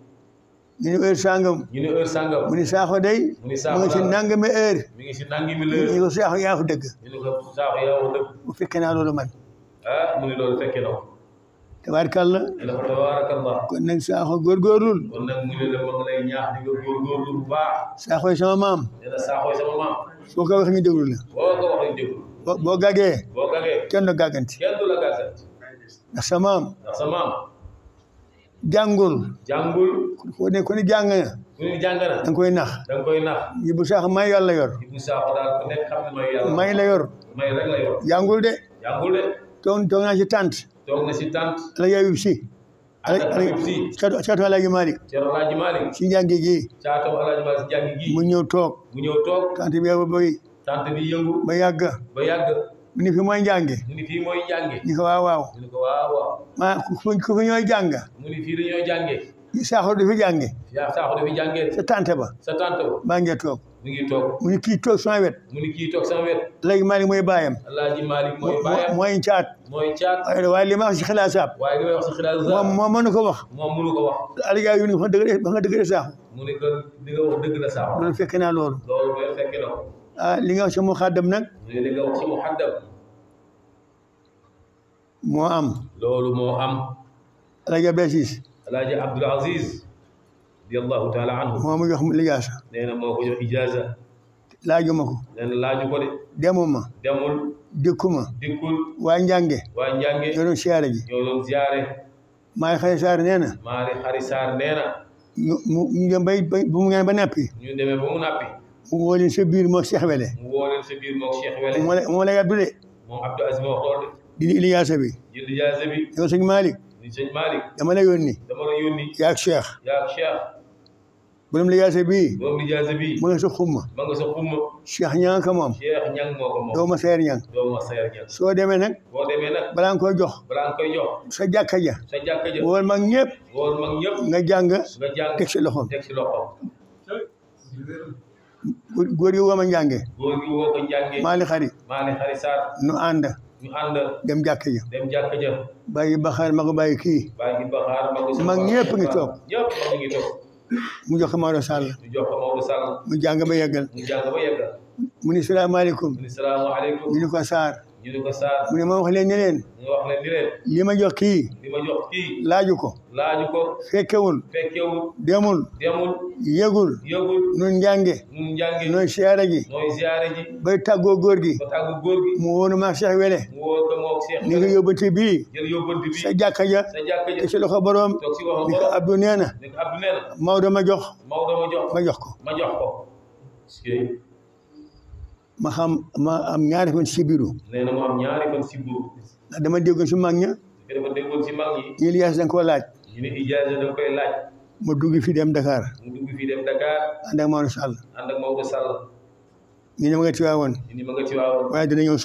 ñu ne heure sangam. ñu ne heure sangam. mu day. mu ni Sakho dëgg. mu fekkee naa loolu man. ah kon nag Sakho góorgóorlul. kon nag mu ne soo ko wax ñu déglu la. boo ko kenn du gàgganti. kenn du jàngul. jàngul. ku ne ku ne na. ku ne koy nax. da nga may yàlla yor. Ibou Sakho daal ku nekk xam ne may yàlla. may de. jàngul de. toog toog naa na si. ala yayub si. caatu caatu Alaaji Malick. caatu Alaaji Malick. si jàngi gi. caatu Alaaji si jàngi gi. mu ñëw toog. mu ñëw toog. tànt bi yow ba bay. tànt bi yëngu. ba yàgg. mu ni mooy njànge. mu ni fii ma ku ku fi ñooy jàng. mu ni fii dañoo ba. sa toog. mu ngi toog. sama wet. mu ngi kii mooy baayam. mooy baayam. waaye li ma wax si xilaasaab. waaye moom moom mënu wax. moom mënu ko wax. Alaaji nga dëgg de loolu fekk naa loolu. li nga wax ci muxaddam nag. li nga wax ci muxaddam. moo am. loolu moo am. El Hadj Abdoul Aziz. El Hadj Abdoul Aziz. radiyallahu taala anhu. moo ma jox lijaasa. nee na moo ko jox ijaaza. laaju ma ko. nee na laaju ko de. demuma. demul. dikkuma. dikkul. waa Njange. waa Njange. ñoo doon siyaare ji. ñoo doon siyaare. Maari Xari Saar nee na. Maari Xari Saar nee na. ñu mu ñu dem bay ba mu ngeen ba nappi. ñu demee ba mu nappi. wóolin sa biir moo Cheikh Wele. mu wóolin sa biir moo Cheikh Wele. moo la moo la yàddu de. moom Abdou Aziz moo xool de. di Iliyaasa bi. di Iliyaasa bi. yow sëñ Malick. di sëñ Malick. dama la yónni. dama la yónni. yaa ak Cheikh. yaa ak Cheikh. borom Iliyaasa bi. borom Iliyaasa bi. ma nga sa xumma. ma nga sa xumma. Cheikh ñaan ka moom. Cheikh ñaan moo ko moom. doo ma seer ñaan. doo ma seer ñaan. soo demee nag. soo góor yu woo ma njànge. góor yu woo ko njànge. maali xari. maali xari Sarr. nu ànd. dem jàkk ja. dem jàkk ja. kii. mag ñëpp ngi toog. mu jox ko Maodo mu jàng ba yeggal. mu jàng ba yeggal. mu ni salaamaaleykum. mu ni ko Sarr. ñu di ko saar mu ne ma wax leen ni leen mu wax leen ni leen li ma jox kii li ma jox kii laaju ko laaju ko fekkewul fekkewul demul demul yëgul yëgul nun njànge nun njànge nooy siyaare ji nooy siyaare ji bay tàggoo góor gi ba tàggoo góor gi mu woonu maa Cheikh Wele mu woon ko moog Cheikh ni nga yóbbante bii jël yóbbante bii sa jàkka ja sa jàkka ja ci loxo borom toog si loxo borom ni ko Abdou nee na ni ko Abdou nee na Maodo ma jox Maodo ma jox ma jox ko ma jox ko ma xam ma am ñaari fan si biiru. nee na si biiru. Iliyaas da koo laaj. ma ne dugg fi dem Dakar. mu dugg fi dem Dakar. ànd ak Maodo Sall.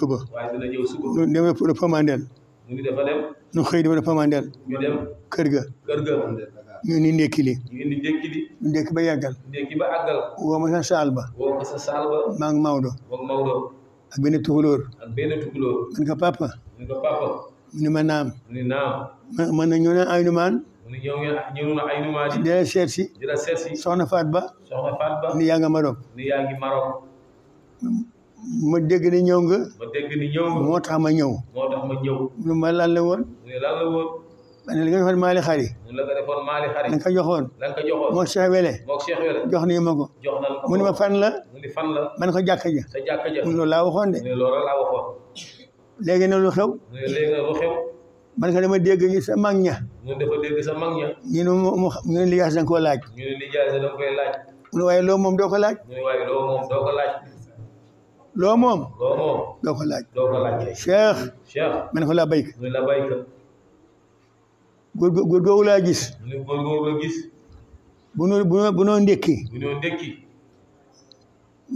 suba. waaye dina dem dafa dem. ñu xëy dafa Pamandel. kër ga. ñu ni ndékki li ba yàggal woo ma sa saal ba woo ma sa tukulóor ak benn tukulóor man ko papa man ko papa mu ni ma naam mu ni man na ñëw na ay ma dégg ma dégg ni moo tax ma ñëw ma ñëw woon li nga defoon maali xari la joxoon la nga ko moo Cheikh Wele jox nañu ma ko ma fan la mu ne man ko jàkka ja sa loolu laa waxoon de loolu laa waxoon na lu xew léegi man ko dema dégg sa mag ña mu dafa dégg sa mag ña ñu koo laaj waaye loo moom doo ko laaj mu loo moom doo ko laaj loo man ko laa góor góor googu laa gis. mu ne góor googu laa gis.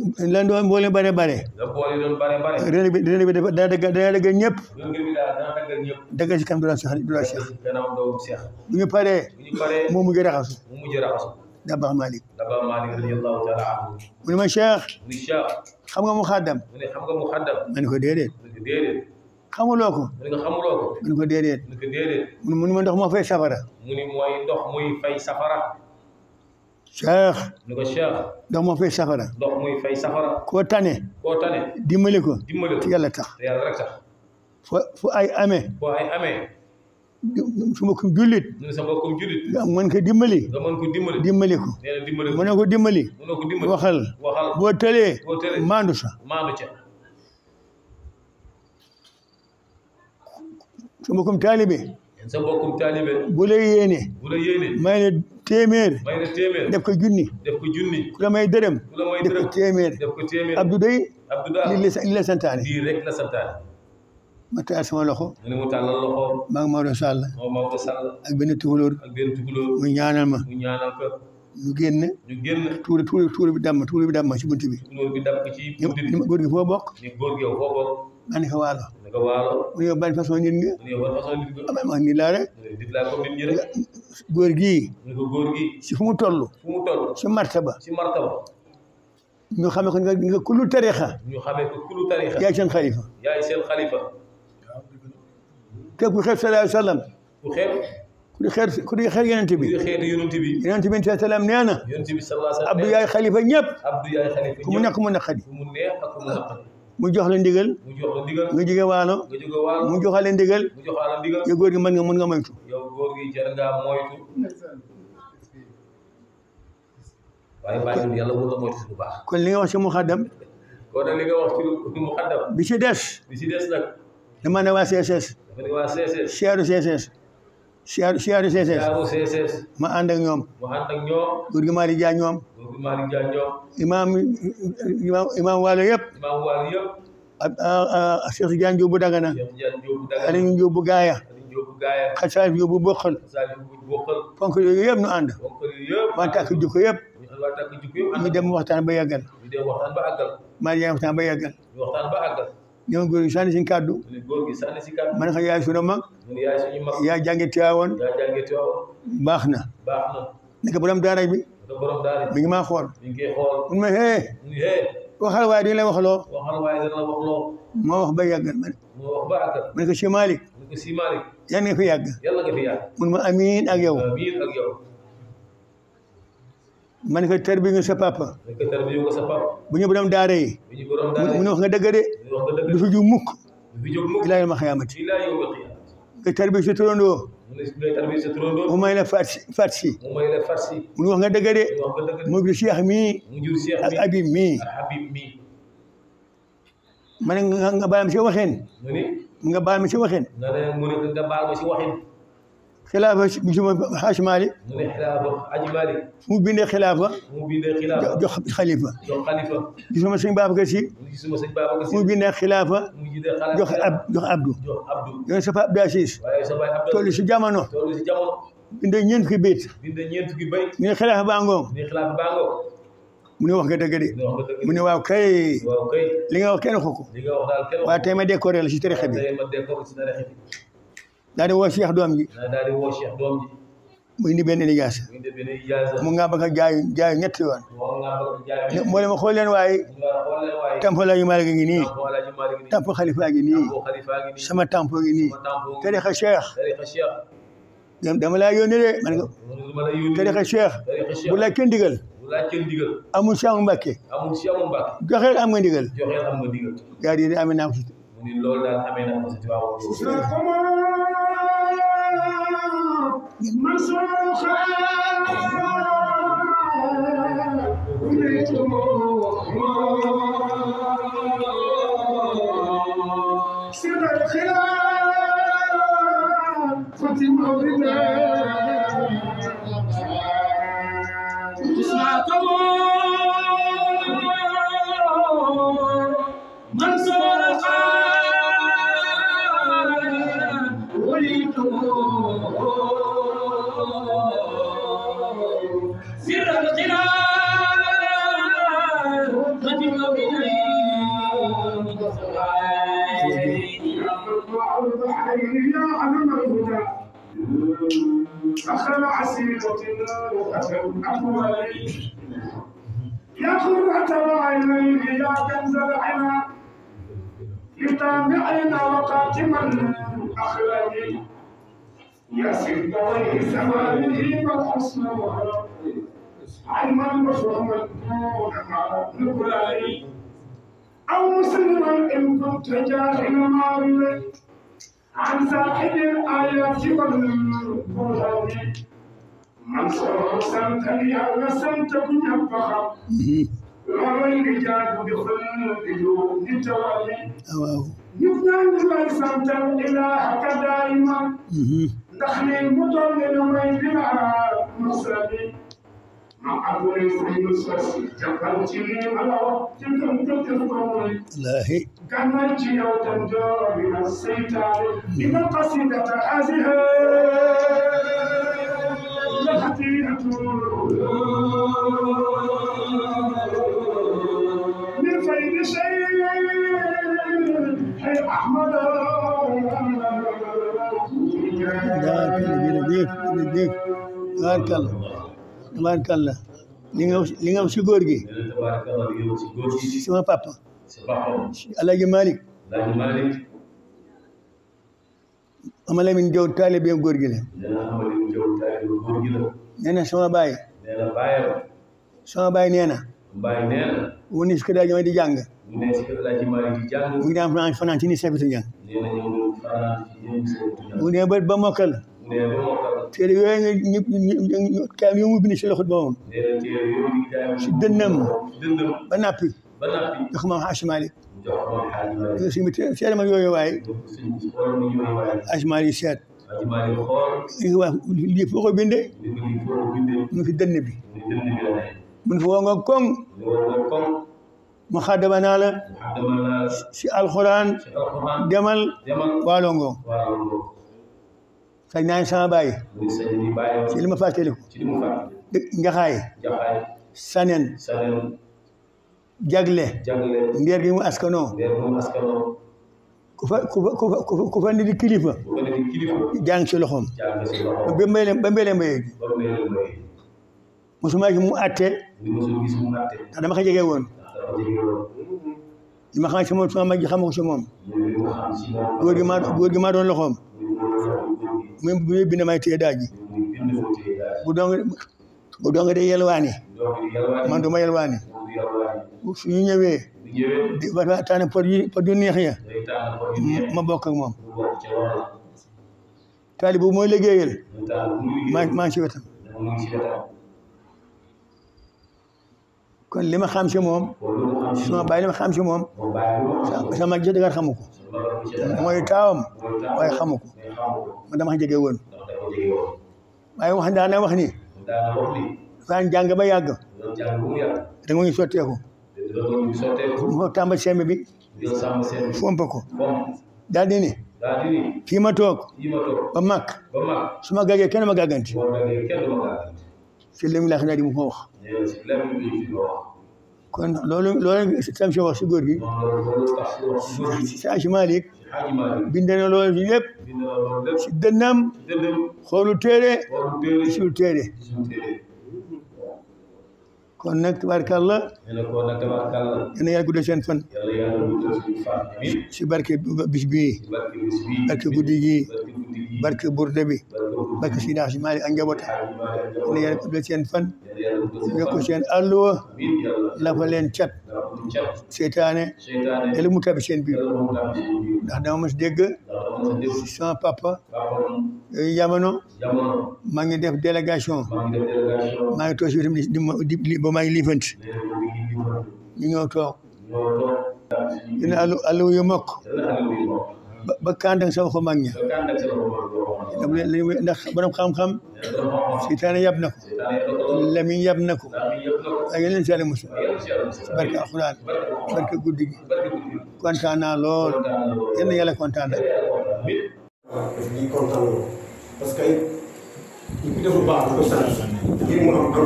bu noo boole bare bare. la boole doon si kanam du la du la seex. kanam doomu seex. bu ñu mu mujj raxasu. mu mujj raxasu. ma seex. xam nga mu ma ne ko déedéet. xamuloo ko. ko xamuloo ko. mu ne ma ndox moo fay safara. mu ne mooy fay safara. ko tane. koo ko. dimbali ko tax. te ay amee. fu ay jullit. sa mbokkum jullit. ko dimbali. ko dimbali. waxal. waxal boo tëlee. سمكم تالبي سمكم تالبي بولييني بولييني ماين téeméer def ko junni ku la may dërëm def ko téeméer Abdou Dey li la santaane ma taal sama loxo maa ngi Maodo Sall ak benn tukulóor mu ñaanal ma ñu génn tuur tuur tuur bi damm tuur bi damm ci bunt bi góor gi foo bokk maa ne ko waalo nga waalo mu ñëw ban façon nit nga mu ñëw ban façon nit nga amay ma nit laa rek nit laa comme nit ñi rek góor gii ñu ko góor gii si fu mu toll fu mu toll si martaba si martaba ñu xamee ko nga nga kullu tarixa ñu xamee ko kullu tarixa yaay seen xalifa yaay seen xalifa képp ku xeeb sallallahu alayhi wa sallam ku xeeb ku di xeer ku di xeer yonent bi yonent bi yonent bi salaam nee na yonent bi salaam abdu yaay xalifa ñëpp abdu yaay xalifa ñëpp ku mu nekk mu naqadi ku mu neex ak ku mu naqadi mu jox la ndigal mu jox la nga jóge waalo mu joxale ndigal mën nga mën nga moytu góor gi jar nga moytu bu kon li nga wax ci muxaddam kon bi ci des bi ci des ne waa CSS dama ne waa CSS seeru siyaaru siyaaru CCS. siyaaru CCS. ma ànd ñoom. ma ànd ak ñoom. ñoom. imaam Waalo yëpp. imaam Waalo yëpp. ak ak Cheikh Tidiane bu Dagana. Cheikh Tidiane Diop Gaaya. Aliou Diop bu Gaaya. ponk yooyu yëpp ñu ànd. ponk takk jikko yëpp. maa takk dem waxtaan ba yàggal. ñoo góor gi sànni si kàddu ma ne ko yaay suñu mag yaa jàngi Tiwaawoon baax na nekk borom daara bi mi ngi maa xool mun ma hee waxal waaye duñu lay waxloo wax ba yàggal ma ne ma ne ko si fi yàgg mun ma amiin ak yow man ko tër sa papa bu ñu borom daara yi ne wax nga dëgg de du fi ju mukk ilaa yawmal qiyaamati nga tër bi sa turandoo wax may la farsi farsi mu ne wax nga dëgg de mu jur Cheikh mii ak Habib mii man nga ba ma si waxin nga baal ma si waxin xilaafa juma xaaj Malik mu ne xilaafa xaaj Malik mu bindee xilaafa mu bindee xilaafa jox xalifa jox xalifa gisuma sëñ Babacar Si gisuma sëñ Babacar Si mu bindee xilaafa jox ab jox abdu jox abdu yooyu sa fa Abdou Aziz tollu si jamono tollu si jamono bindee ñeent ki béyt bindee ñeent ki béyt ñu ne xilaafa baa ngoog ñu ne xilaafa baa ngoog mu ne wax nga dëgg de mu ne waaw kay li nga wax kenn xoko li nga wax daal kenn waa tey ma décoré la si tarixa bi daal di woo Cheikh doom ji. mu indi benn lijaasa. mu indi benn lijaasa. a jaay jaay ñetti yoon. moo leen ma xool waaye. tampo laaji Maalik gi nii. tampo xalifa gi nii. sama tampo gi nii. tarixa Cheikh. dama laa yónnee de man. tarixa Cheikh. bu la kenn digal. amul Cheikh Mbacke. amul Cheikh ndigal. joxeel am nga ndigal. yaa di mu ni loolu daal amee na ko si tubaab wu سر الخلاف ختم بدايه بصيرة وأتوا عليه يا قرة العينين يا كنز العنا لتابعنا وقاتما أخلاقي يا سيد وجه سمائه والحسن وهربي علما البشر مدون مع نقول أو مسلما إن كنت جاهلا معرفة عن صاحب الآيات والقرآن منصور سمتني أو سمتكم يبقى ومن إجاد بخل بجوب نتوالي يفنان لمن سمتن إلى حق دائما دخلي مطل لمن بلا مصربي ما أقول في نسوسي جبلتني على وقت كنت تفضل لاهي كملتي أو تنجر من السيطان بمقصدة هذه tabaarkalla tabaarkalla li nga li nga wax si góor gi sama papa Alaaji Malick Ama Lamin Jow taalibe góor gi la lu sama baay. nee na baayam. sama baay nee na. baay kër daal di di jàng. ngi daan fanaan fanaan ci ni sabitu jàng. nee ba ba mokkal. mu ne ba mokkal. téere yooyu nga ñëpp ñëpp kaam yow mu bind si loxo ma Haji Malick. jox ma waaw lii foo ko bindee. mu fi dënn bi. mu ne fa woo nga koŋ. mu xaddama naa la. si alxuraan. demal. waaloo ngoon. sañ naa sama baay. si li ma fàttaliku. njaxaay. sanen. jagle. ndeer gi mu askanoo. ku fa ku fa ku fa ku fa ne kilifa jàng ci loxoom ba ba mbay leen mbay mu àtte ndax dama ko woon li ma suma mag ji xam ko si moom gi maa góor gi maa doon loxoom même bu ñu bind de yelwaani man yelwaani su ba waxtaane pot yi pot yu neex ya ma bokk ak moom taalib bu liggéeyal maa maa wetam kon li xam si moom sama baay li xam si moom sama jëkkër xamu ko mooy taawam waaye xamu ma dama jege woon waaye wax daana wax ni daan jàng ba yàgg da nga ñu sotteeku moo tàmba sembe bi fomp ba mag su ma gàggee kenn ma gàgganti si di mu ko kon loolu loolu sam si wax si góor gi Malik bind na loolu yëpp si dënnam xoolu téere si téere kon nag tabaarkàlla kon nag tabaarkàlla yéen seen fan si barke bis barke guddi gii barke burde bi barke Seydi Hadji Malick ak njaboota yéen a yàlla seen fan yokk seen àlluwa lafa leen seytaane yàlla mu tabi seen biir ndax dama mos dégg sama papa yooyu jamono ngi def délégation maa ngi toog si di boobu maa ngi liifanti ñu ñëw yu mokk ba kàndang sa waxu mag ña ndax borom xam-xam seytaane yab na ko lamiñ yab na ko waaye leen si yàlla musal barke alxuraan barke guddi gi lool yal na yàlla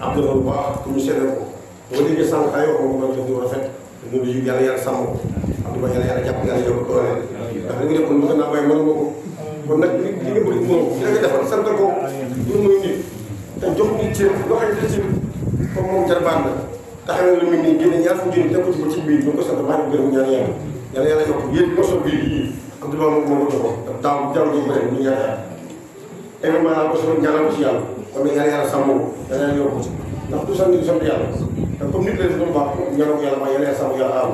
am na loolu baax commissaire ko boo déggee sànq ay wax moom la ñu war a fekk ñu ngi yàlla yàlla sàmm ko am na yàlla yàlla jàpp yàlla yokk doole ndax li nga def mën naa bàyyi mën nga ko kon nag li li nga bëgg moom li nga defal sant ko loolu mooy nit te jox nit ci loo xam ne ci comme moom jar baax na taxawee lu muy nii génne ñaar fukki junni teg ko ci ba ci biir ñu ko sant maa ngi gërëm ñaan yàlla yàlla yàlla yokk yéen moso bii yii am na moom moo ko joxoon daaw jaww ji bëri ñu ñaan yàlla événement laa ko soxla ñaanal ko ci yàlla comme ni nga ne yàlla sàmm da leen yokku ndax du sant di sant yàlla te comme nit leen doon baax nga ne ko yàlla maa yàlla sàmm yàlla aar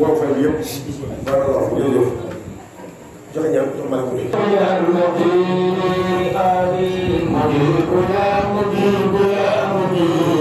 woo fay bi yëpp dara lor jërëjëf joxe ñaan jox male ko ni amin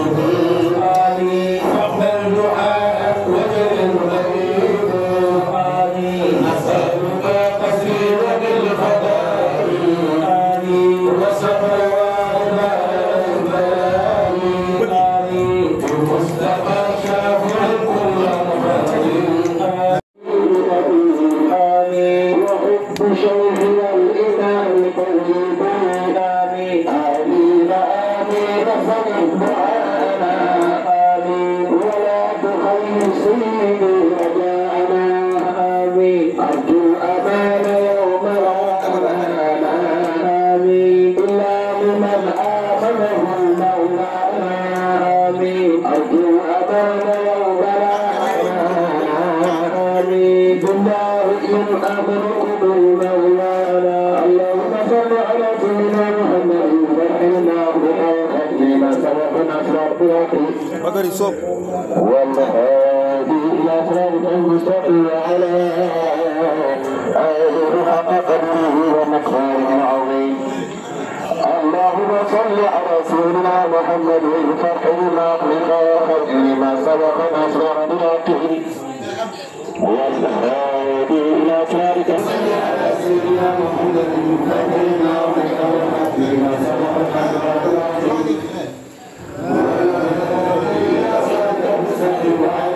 رسولنا محمد الفرح ما أخلق وخرج لما سبق نصر عبد الله Thank you. سيدنا محمد الفرح سبق